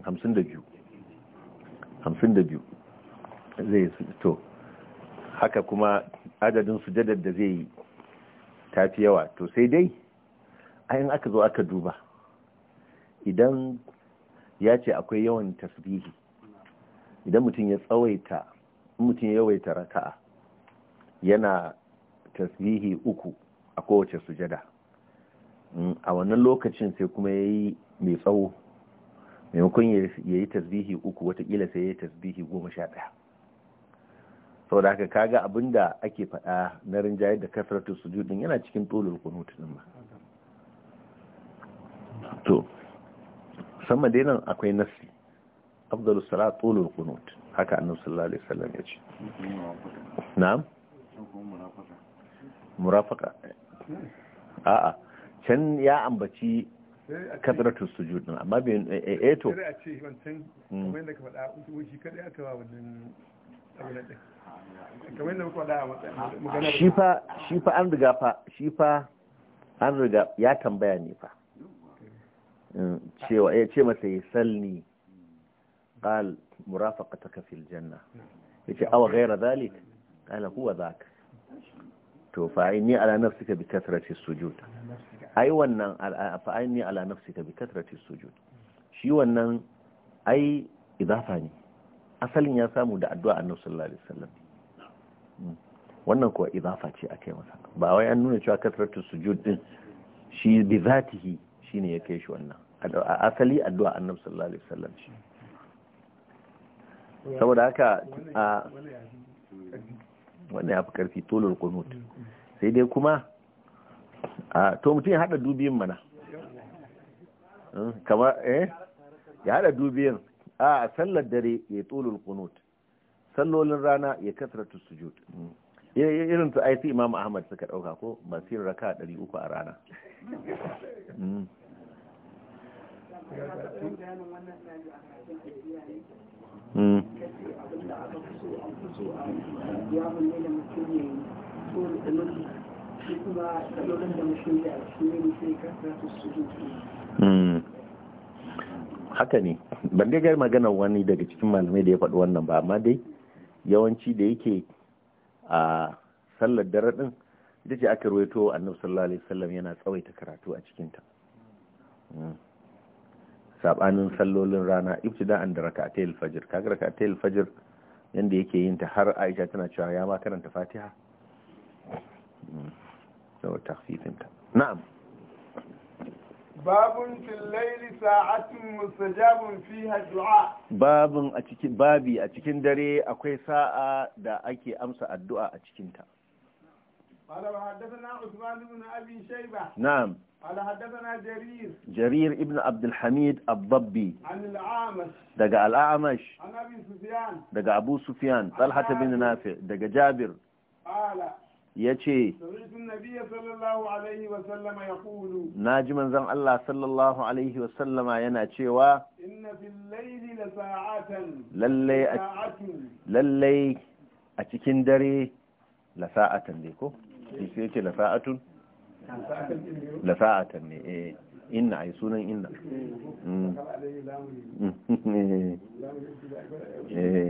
hamsin da biyu hamsin da biyu zai to haka kuma adadin sujadar da zai yi ta fi yawa to sai dai ayin aka zo aka duba idan ya ce akwai yawan tasbihi idan mutum ya tsawaita mutum ya yawaita raka'a yana tasbihi uku a kowace sujada mm, a wannan lokacin sai kuma ya yi mai tsawo maimakon ya yi tasbihi uku watakila sai ya yi tasbihi goma sha ɗaya saboda haka kaga abin da ake faɗa na rinjaye da kasratu su din yana cikin tolul qunut din ma to sama da nan akwai nasi afdalus sala tolul qunut haka annabi sallallahu alaihi wasallam ya ce na'am murafaka a can ya ambaci kadratu sujud din amma bin eh, eh, eh to a ce wancan kamar yadda ka faɗa wuce kadai aka ba wannan abin da shifa shi fa an riga fa shifa an riga ya tambaya ne fa mm, cewa ya ce masa ya salni qal murafaqataka fil janna Ya ce awa gaira zalik dhalik kuwa za ka. to fa ne ala ka bi katarci sujud ai wannan fa ne ala ka bi katarci sujuta? shi wannan ai idafa ne asalin ya samu da addu'a annabi sallallahu alaihi wasallam wannan kuwa izafa ce a kai masa ba wai an nuna cewa kasratu sujud din shi bi zatihi shine ya kai shi wannan a asali addu'a annabi sallallahu alaihi wasallam shi saboda haka a wannan ya fi karfi tolul qunut sai dai kuma a to mutum ya hada dubiyin mana hmm, kamar eh ya hada dubiyin a sallar dare ya tolul qunut sallolin rana ya kasratu sujud irin su aisi imam ahmad suka dauka ko masu yin raka 300 a rana hmm. Hmm. Hmm. haka ne ban dai magana wani daga cikin malamai da ya faɗi wannan ba amma dai yawanci da yake a sallar dare din ita ce aka ruwaito annabi sallallahu alaihi wasallam yana tsawaita karatu a cikin ta hmm. sabanin sallolin rana ibtida'an da rak'atayil fajr kaga rak'atayil fajir yanda yake yin ta har Aisha tana cewa ya ma karanta Fatiha hmm. saboda ta na'am babun tillaili sa'atun mustajabun fiha du'a babun a cikin babi a cikin dare akwai sa'a da ake amsa addu'a a cikin ta ibn abi shayba na'am qala ibn abd alhamid amash daga al-a'mash daga abu sufyan talha ibn nafi daga jabir ya ce na ji manzan Allah sallallahu Alaihi wasallama yana cewa lallai a cikin dare la lasa'atan ne ko? sai ce la lasa'atan ne eh inna ai sunan inna mm. eh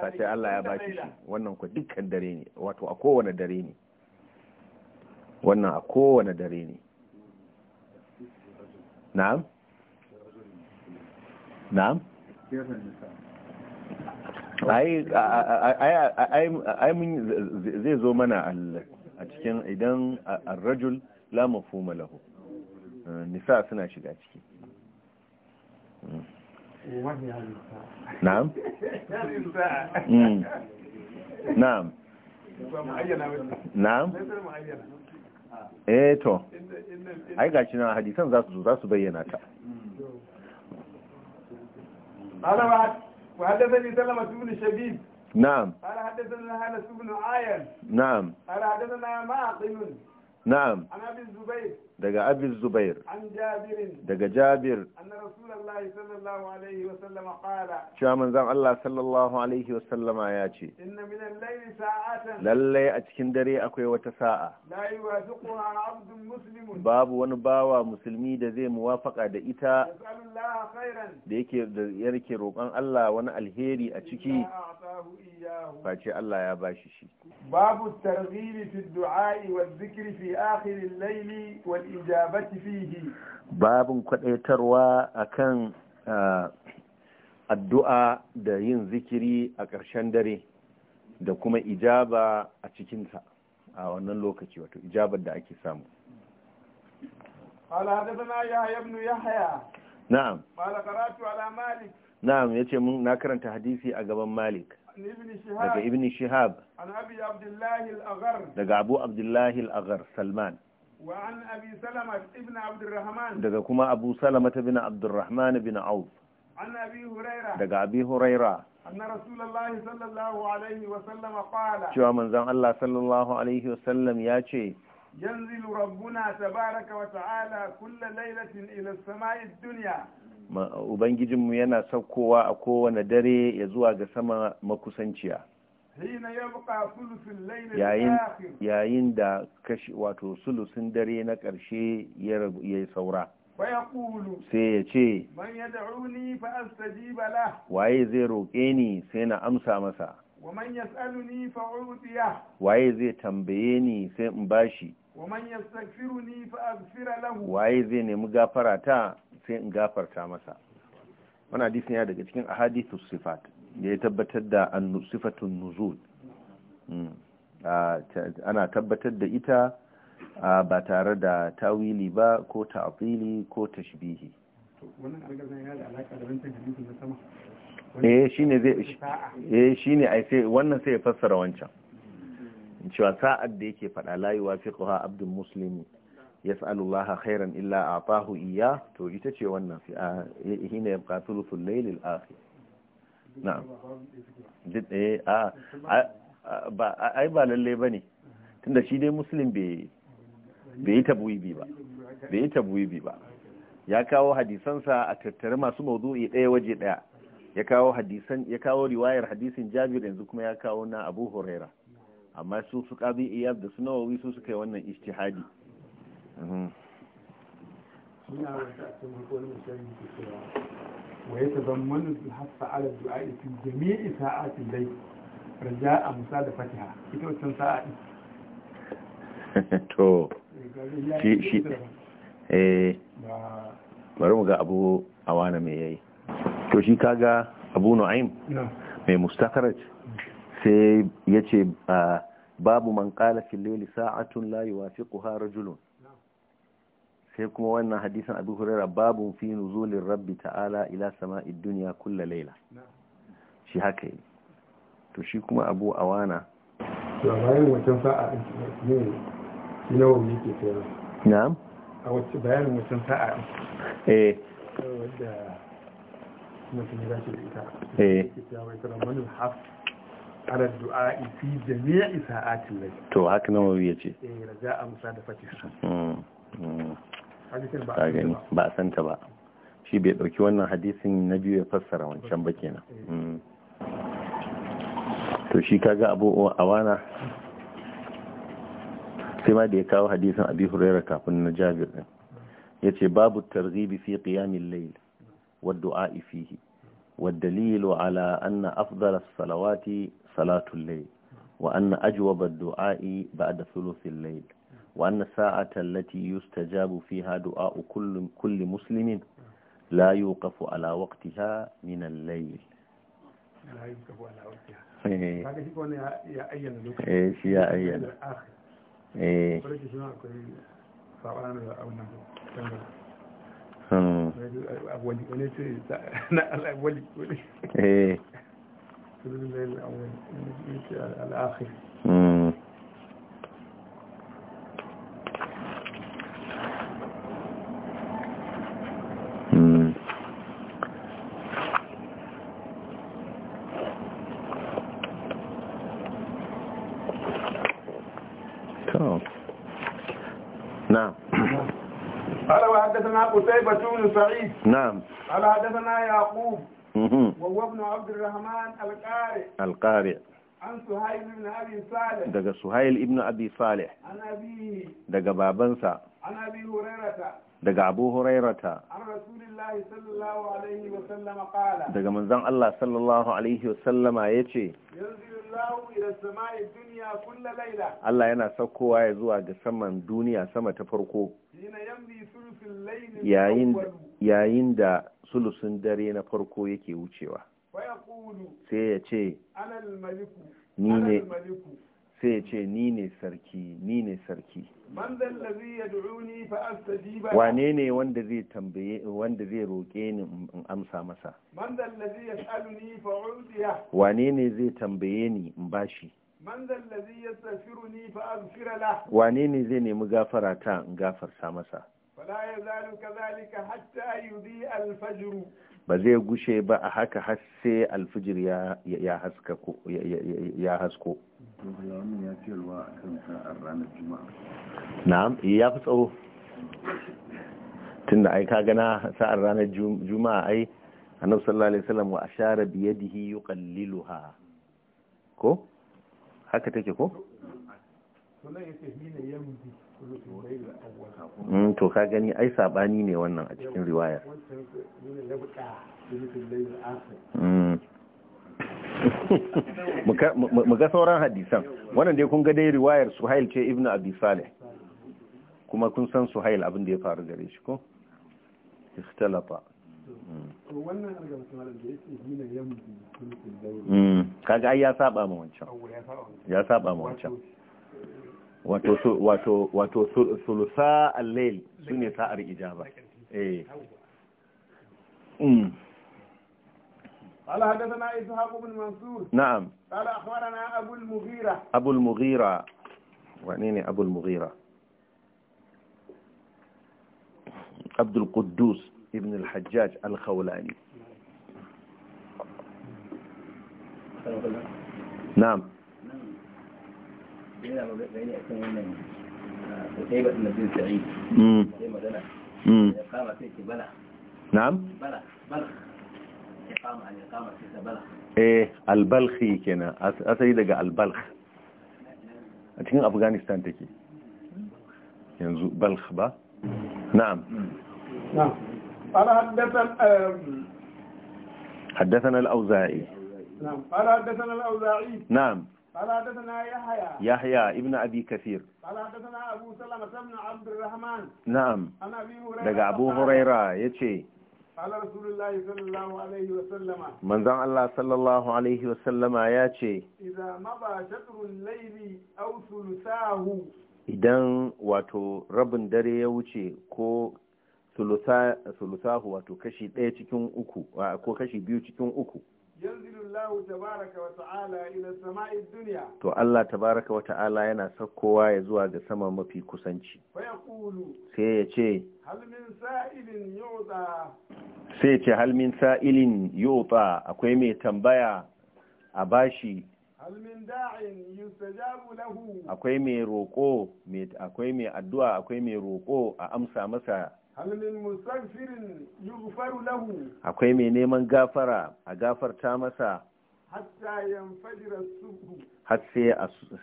sace Allah ya baki shi wannan ku dukkan dare ne wato a kowane dare ne wannan a kowane dare ne na'am na'am ai mun zai zo mana a cikin idan arrajul la mafhuma lahu nisa suna shiga ciki نعم نعم نعم eh to ai gashi nan hadisan za su zo za su وحدثني سلمة بن شبيب نعم قال حدثنا هانس بن عاين نعم قال حدثنا معقل نعم عن ابي الزبير daga abin zubair daga jabir cewa manzan Allah sallallahu alaihi wasallama ya ce lallai a cikin dare akwai wata sa'a babu wani bawa musulmi da zai muwafaka da ita da yake da yarke roƙon Allah wani alheri a ciki face Allah ya bashi shi babu targhiri fi du'a wa dhikri fi akhir al-layli wal ijabati fihi babin kwadaitarwa akan addu'a da yin zikiri a ƙarshen dare da kuma ijaba a cikinta a wannan lokaci wato ijabar da ake samu قال حدثنا ya ibn yahya na'am قال قرات ala malik na'am yace mun na karanta hadisi a gaban Malik daga Ibn Shihab daga Abu abdullahi al-Aghar Salman وعن أبي سلمة ابن عبد الرحمن دقا كما أبو سلمة بن عبد الرحمن بن عوف عن أبي هريرة دقا أبي هريرة أن رسول الله صلى الله عليه وسلم قال شو من زم الله صلى الله عليه وسلم يا شي ينزل ربنا تبارك وتعالى كل ليلة إلى السماء الدنيا Ubangijinmu yana saukowa a kowane dare ya zuwa ga sama makusanciya. yayin da kashi wato sulusin dare na ƙarshe ya yi saura sai ya ce waye zai roƙe ni sai na amsa masa waye zai tambaye ni sai in bashi waye zai nemi gafarata sai in gafarta masa wani hadisin ya daga cikin ahadithus sifat da ya tabbatar da sifatun nuzul mm. ana tabbatar da ita ba tare da tawili ba ko ta'atili ko tashbihi eh, eh, wannan sai ya fassara wancan cewa sa'ad da yake fada la yuwafiquha abdul muslim yas'alullaha khairan illa a'tahu iya to ita ce wannan hina yabqa thuluthul layl al-akhir na'am a ai ba lalle ba ne tunda shi dai muslim bai yi ba bai yi bi ba ya kawo hadisansa a tattare masu mawdu'i ɗaya waje ɗaya ya kawo hadisan ya kawo riwayar hadisin jabir yanzu kuma ya kawo na abu huraira amma su su kazi iya da su nawawi su suka yi wannan ijtihadi mhm. muna wata a cikin wani misali ke cewa wa ya tazammanu hasa ala du'a'i fi jami'i sa'atin dai a musa da fatiha ita wancan sa'a to eh, shi shi eh bari mu ga abu awana me yayi to shi kaga abu nu'aim mai mustakharaj sai yace ah, babu man qala fil layli sa'atun la yuwafiquha rajulun sai kuma wannan hadisin abu hurera babun fi nuzulin rabbi ta'ala ila sama duniya kulla laila shi haka yi to shi kuma abu wana to a bayan wancan sa'a ne shi nawa ne ke tsaya na'am a wacce bayan wancan sa'a eh wanda mutum ya dace da ita eh ya wai kana manul haf ala du'a fi jami'i sa'atin to haka nawa yace eh raja'a musa da fatisa hmm. hmm. ba a santa ba shi bai dauki wannan hadisin na biyu ya fassara wancan ba kenan eh. mm. to shi kaga abu awana sai ma da ya kawo hadisin abi huraira kafin na jabir din yace babu targhibi fi qiyamil layl wa du'a fihi والدليل على salawati أفضل الصلوات wa الليل وأن أجوب du'a'i da sulusin lai. وأن الساعة التي يستجاب فيها دعاء كل, كل مسلم لا يوقف على وقتها من الليل لا يوقف على وقتها إيه. هذا شيء يا أيّن لوكا إيه يا الأولي الأولي الآخر بن سعيد نعم قال حدثنا يعقوب وهو ابن عبد الرحمن القارئ القارئ عن سهيل بن أبي صالح دقى سهيل ابن أبي صالح عن أبيه دقى بابنسا عن أبي هريرة دقى أبو هريرة عن رسول الله صلى الله عليه وسلم قال دقى منزان الله صلى الله عليه وسلم يتشي ينزل Allah yana saukowa ya zuwa ga saman duniya sama ta farko yayin da sulusun dare na farko yake wucewa sai ya ce ni ne sai ya ce ni ne sarki ni ne sarki wane ne wanda zai tambaye wanda zai roƙe ni in amsa masa wane ne zai tambaye ni in bashi wane ne zai nemi gafara ta in gafarsa masa ba zai gushe ba a haka har sai alfijir ya hasko na'am eh, ya fi tsawo tun da ai ka gana sa'ar ranar juma'a ai annabi sallallahu alaihi wasallam wa ashara bi yadihi yuqalliluha ko haka take ko to mm, ka gani ai sabani ne wannan a cikin riwaya. mu ga sauran hadisan wannan dai kun ga dai riwayar suhail ce ibnu abi salih kuma kun san suhail abin da ya faru gare shi ko ikhtalafa mm. kaga ai ya saba ma wancan ya saba ma wancan wato wato wato sulusa al-layl sune sa'ar ijaba eh قال حدثنا إسحاق بن منصور نعم قال أخبرنا أبو المغيرة أبو المغيرة وعنيني أبو المغيرة عبد القدوس ابن الحجاج الخولاني نعم نعم نعم بلخ بلخ eh albalkhi kenan asali daga albalkh a cikin afghanistan take yanzu balkh ba na'am na'am haddathana na'am haddathana al-auza'i yahya yahya abi kathir na'am daga abu ya ce. ala manzon Allah sallallahu alaihi wa sallama ya ce idan wato rabin dare ya wuce ko sulusahu wato kashi ɗaya cikin uku ko kashi biyu cikin uku tabaraka ta'ala duniya. to Allah tabaraka wata'ala ala yana saukowa ya zuwa ga sama mafi kusanci sai ya ce sai ce halmin sa'ilin yuta akwai mai tambaya a bashi akwai mai roƙo akwai mai addu'a akwai mai roƙo a amsa masa akwai mai neman gafara a gafarta masa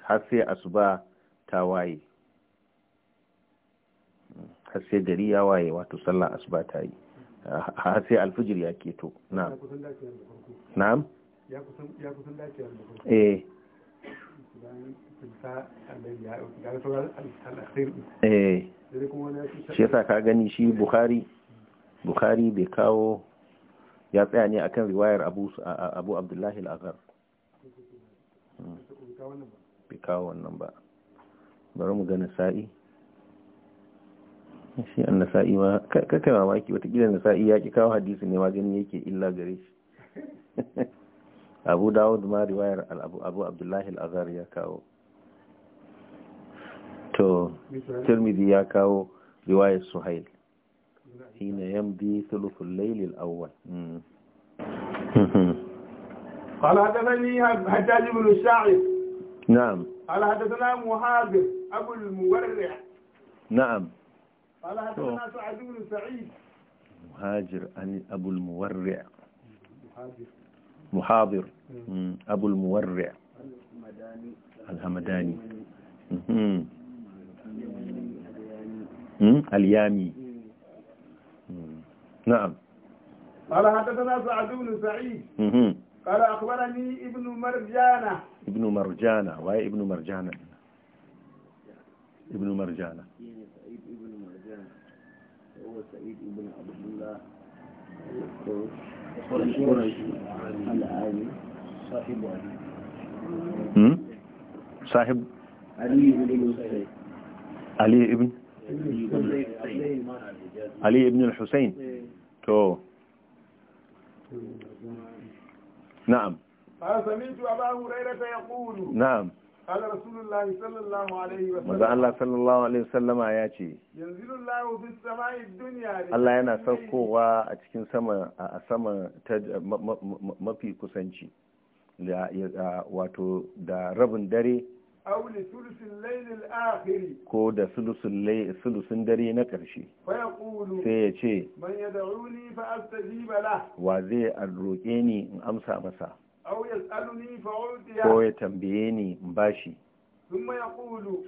har sai asuba ta waye har sai gari ya waye wato sallah asuba ta yi har sai alfijir ya keto na'am ya kusan dace eh eh shi yasa ka gani shi bukhari bukhari bai kawo ya tsaya ne akan riwayar abu abu abdullahi al'azhar hmm. bai kawo wannan ba bari mu gani sa'i shi an nasa'i ma kakai mamaki watakila nasa'i ya ki kawo hadisi ne ma gani yake illa gare shi abu dawud ma riwayar abu abdullahi al'azhar ya kawo تو ترمذي ya kawo riwayar suhail hina yamdi thuluthul layl al-awwal قال حدثني حجاج بن الشاعر نعم قال حدثنا مهاجر ابو المورع نعم قال حدثنا سعد بن سعيد مهاجر عن ابو المورع محاضر محاضر ابو المورع الهمداني الهمداني اليامي نعم قال حدثنا سعد بن سعيد قال أخبرني ابن مرجانة ابن مرجانة وهي ابن مرجانة ابن مرجانة يعني سعيد ابن مرجانة هو سعيد ابن عبد الله صاحب علي صاحب علي ابن Ali ibnulHusayn. Na'am. Na'am. Maza Allah Sallallahu alaihi wa ya ce. Allah yana saukowa a cikin sama a sama ta mafi kusanci, wato da rabin dare. aw ko da thulusul layl dare na ƙarshe sai ya ce man yad'uni fa astajib lah wa zai roƙe ni in amsa masa ko ya tambaye ni in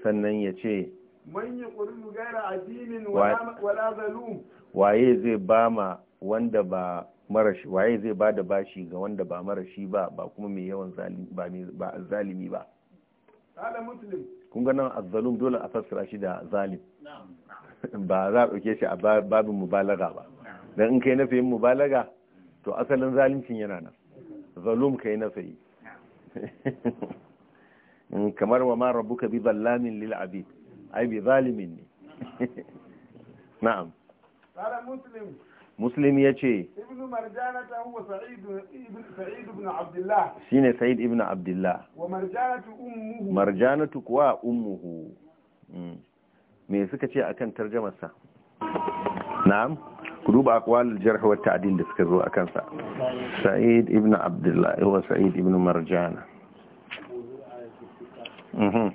sannan ya ce wala waye zai wanda ba marashi waye zai ba da bashi ga wanda ba marashi ba ba kuma mai yawan zalimi ba kun ga nan azzalum dole a fassara shi da zalim ba za a ɗauke shi a babin mubalaga ba don in kai nafayin mubalaga to asalin zalimcin yana nan zalum kai nafayi kamar wa ma rabuka bi zallamin lil abid ai bi zalimin ne na'am muslim muslim ya ce shi ne sa'id ibn abdullah marjanatu kuwa ummuhu hmm. me suka ce akan tarjamarsa na'am ku duba akwalul jarh wa ta'dil da suka zo akan sa sa'id ibn abdullah wa sa'id ibn marjana mhm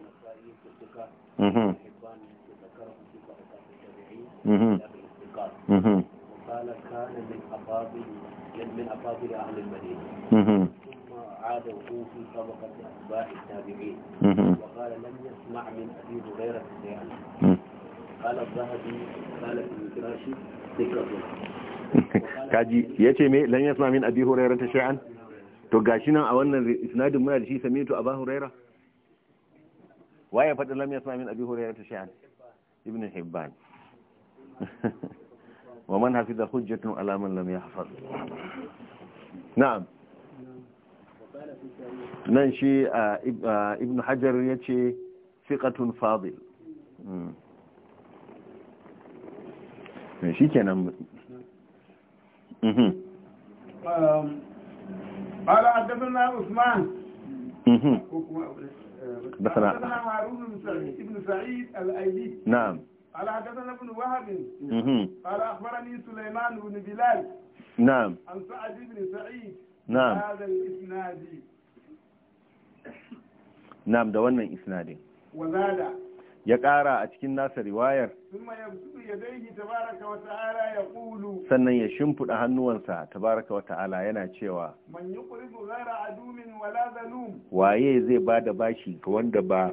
mhm mhm mhm أفاضل من أفاضل أهل المدينة عاده في طبقة أتباع التابعين وقال لم يسمع من أبي هريرة شيئا قال الذهبي قال في الفراش ذكرته kaji ya ce mai lan yasma min abi hurairah ta shay'an to gashi nan a wannan sinadin muna da shi samitu abu hurairah waye faɗin lam yasma min abi hurairah ta shay'an ibn hibban ومن هكذا حجة على من لم يحفظ نعم ننشي آه، آه، ابن حجر يتشي ثقة فاضل ننشي كان قال عدبنا عثمان آه، حدثنا هارون بن سعيد ابن سعيد الايلي نعم قال حدثنا ابن وهب قال اخبرني سليمان بن بلال نعم عن سعد بن سعيد نعم هذا الاسناد نعم ده wannan isnadi وزاد يا قارا a cikin nasa riwayar ثم يبسط يديه تبارك sannan ya shimfiɗa hannuwansa tabaraka wa ta'ala yana cewa waye zai ba da bashi ga wanda ba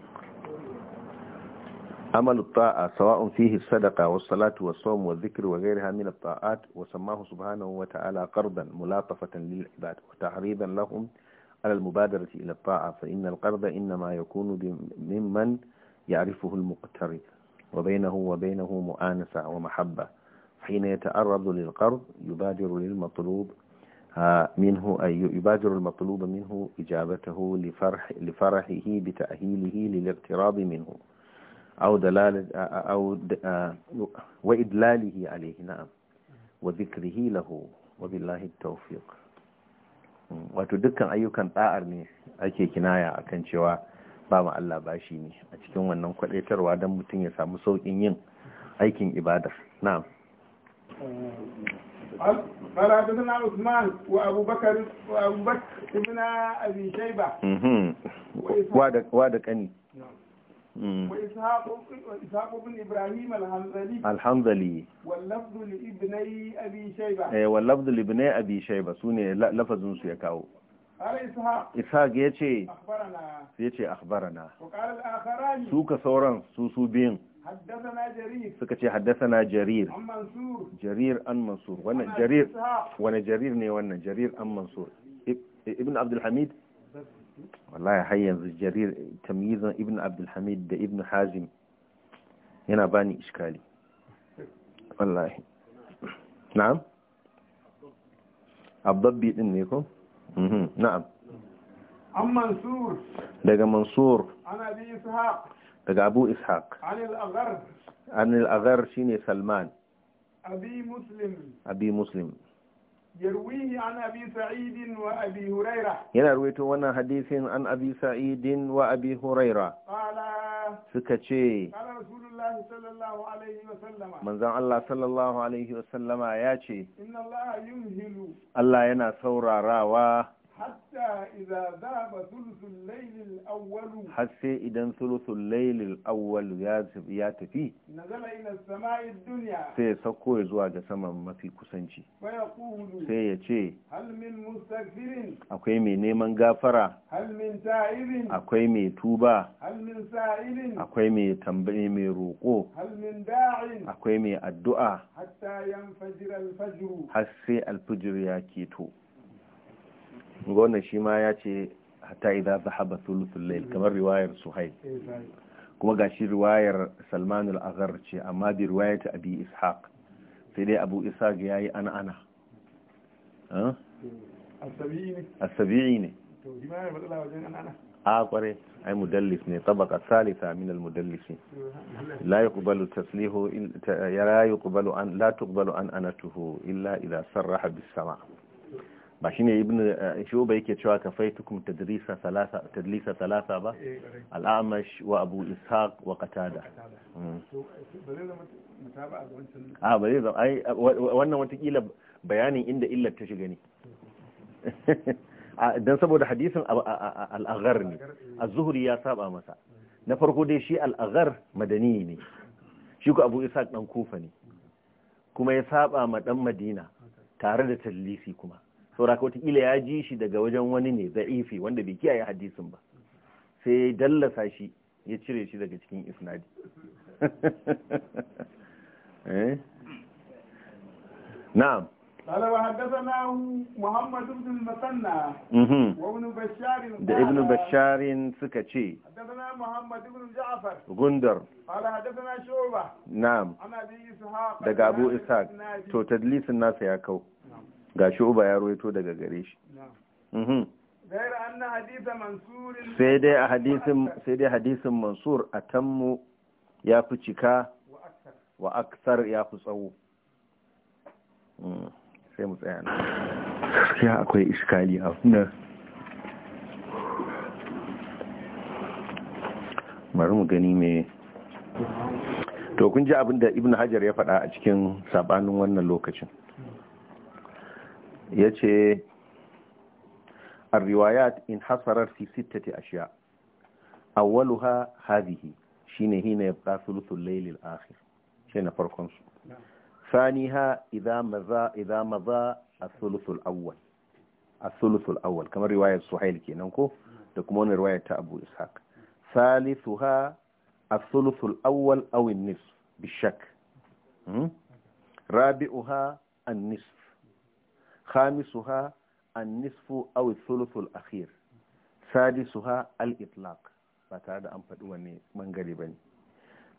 عمل الطاعة سواء فيه الصدقة والصلاة والصوم والذكر وغيرها من الطاعات وسماه سبحانه وتعالى قرضا ملاطفة للعباد وتعريضا لهم على المبادرة إلى الطاعة فإن القرض إنما يكون ممن يعرفه المقترب وبينه وبينه مؤانسة ومحبة حين يتعرض للقرض يبادر للمطلوب آه، منه أي يبادر المطلوب منه إجابته لفرح لفرحه بتأهيله للاقتراب منه أو دلالة أو وإدلاله عليه نعم وذكره له وبالله التوفيق wato dukkan ayyukan da'ar ne ake kinaya akan cewa ba mu Allah bashi ne a cikin wannan kwadaitarwa don mutum ya samu saukin yin aikin ibada. na'am قال حدثنا عثمان وابو بكر وابو ibn Abi Shayba wa da wa da kani وإسحاق إبراهيم الحنظلي الحنظلي واللفظ لابني أبي شيبة إيه واللفظ لابني أبي شيبة سوني لفظ ishaq sauran su su biyun suka ce jarir jarir an mansur jarir ne wannan jarir an ibn abdulhamid والله حي الجرير تمييز ابن عبد الحميد بابن حازم هنا باني اشكالي والله نعم عبد الضبي بيقول لكم نعم عن منصور ده منصور انا ابي اسحاق ده ابو اسحاق عن الاغر عن الاغر شيني سلمان ابي مسلم ابي مسلم yana ruwaito wannan hadisin an abi sa'idin wa abi huraira suka ce manzan Allah sallallahu alaihi wasallama ya ce Allah yana saurarawa hatta idza dhaba thuluthul layl al-awwal har sai idan thuluthul lailin al ya tafi? tafi nazala ila samai ad duniya. sai ya sako ya zuwa ga saman mafi kusanci sai ya ce Halmin min akwai mai neman gafara Halmin ta'irin. akwai mai tuba Halmin min akwai mai tambaye mai roƙo. Halmin da'irin. da'in akwai mai addu'a hatta yanfajira al-fajr har sai al ya keto gona shi ma ya ce hata idan zahaba thuluthul lail kamar riwayar suhail eh, kuma gashi riwayar salmanul al ce amma bi ta abi ishaq sai dai abu ishaq yi ana ana eh, a sabii ne a kware ai mudallis ne tabaka salisa min almudallisi la yuqbalu ya la yuqbalu an la tuqbalu an anatuhu illa idha sarraha bis-sama' ba shi ne ibn eh, shuba yake cewa ka tadrisa salasa tadlisa talata ba eh, al'amash wa abu ishaq wa qatada hmm. a ba zai zama wannan watakila bayanin inda illar ta shiga ne dan saboda hadisin al'agar ne eh. az-zuhri ya saba masa na farko dai shi al'agar madani ne shi ku abu ishaq dan kufa ne kuma ya saba ma dan madina tare da tadlisi kuma sauraka watakila ya ji shi daga wajen wani ne za'ifi wanda bai kiyaye hadisin ba sai ya dallasa shi ya cire shi daga cikin isnadi eh? na'am قال وحدثنا محمد بن المثنى وابن بشار ده ابن بشار سكتشي حدثنا محمد بن جعفر غندر قال حدثنا نعم ده تو تدليس الناس يا كو ga uba ya ruwaito daga gare shi mhm. sai dai hadisin mansur a tammu ya fi cika wa aksar ya fi tsawo mm, sai mu tsaya na gaskiya akwai iskali a nan bari mu gani mai to kun ji abin da ibn hajar ya faɗa a cikin sabanin wannan lokacin ya ce arriwayat in hasarar fi sittati ashiya awwaluha hadhihi shine hina yabqa thuluthul layl al akhir shine na farkon su thaniha idha madha idha madha athuluthul awwal athuluthul awwal kamar riwayat suhail kenan ko da kuma wani riwayat ta abu ishaq thalithuha athuluthul awwal aw an nisf bi shak hmm? rabi'uha an nisf khamisuha an-nisfu aw ath-thuluth al-akhir sadisuha al-itlaq ba tare da an faɗi wani bangare bane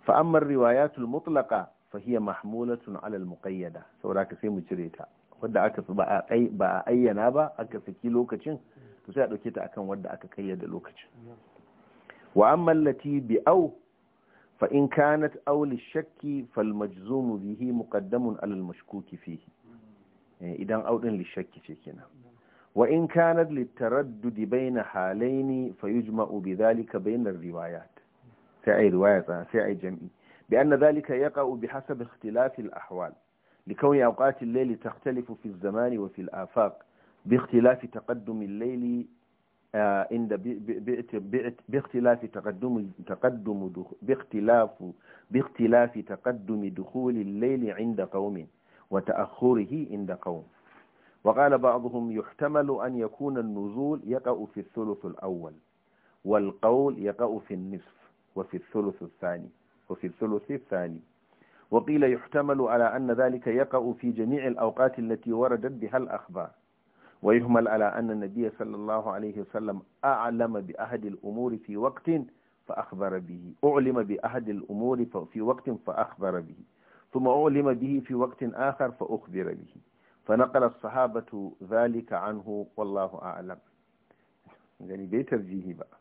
fa amma ar-riwayat al-mutlaqa fa hiya mahmulatun ala al-muqayyada sai mu cire ta wanda aka ba a ayyana ba aka saki lokacin to sai a dauke ta akan wanda aka kayyada lokacin wa amma allati fa in kanat auli shakki fal majzumu bihi muqaddamun ala al-mashkuk fihi idan audin lishakki ce kenan wa in kanat litaraddudi baina halaini fayujma'u bidhalika baina riwayat sai ai riwaya sai ai jam'i bi anna dhalika yaqa'u bihasab ikhtilaf al-ahwal li لكون أوقات الليل تختلف في الزمان وفي الآفاق باختلاف تقدم الليل عند bi تقدم تقدم باختلاف باختلاف تقدم دخول الليل inda قوم وتأخره عند قوم وقال بعضهم يحتمل أن يكون النزول يقع في الثلث الأول والقول يقع في النصف وفي الثلث الثاني وفي الثلث الثاني وقيل يحتمل على أن ذلك يقع في جميع الأوقات التي وردت بها الأخبار ويهمل على أن النبي صلى الله عليه وسلم أعلم بأحد الأمور في وقت فأخبر به أعلم بأحد الأمور في وقت فأخبر به ثم أعلم به في وقت آخر فأخبر به فنقل الصحابة ذلك عنه والله أعلم يعني بيترجيه بقى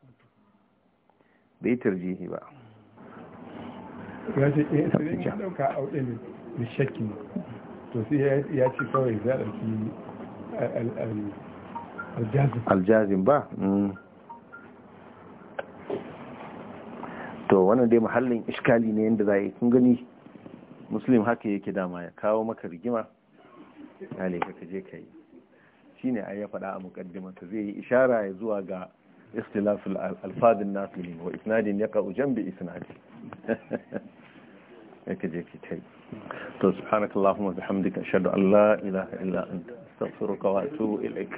بيترجيه بقى بالشكل ياتي كوي ذلك الجازم الجازم بقى to wannan dai muhallin iskali ne yadda za muslim haka yake dama ya kawo maka rigima ne ka je ka yi shi ne a ya faɗa a mukaddimata zai yi ishara ya zuwa ga istilafin alfadin nasu ne wa isnadin ya ka'u bi isnadi ya je ki ta yi to subhanakallahumma bihamdika ashhadu an ilaha illa anta astaghfiruka wa atubu ilaik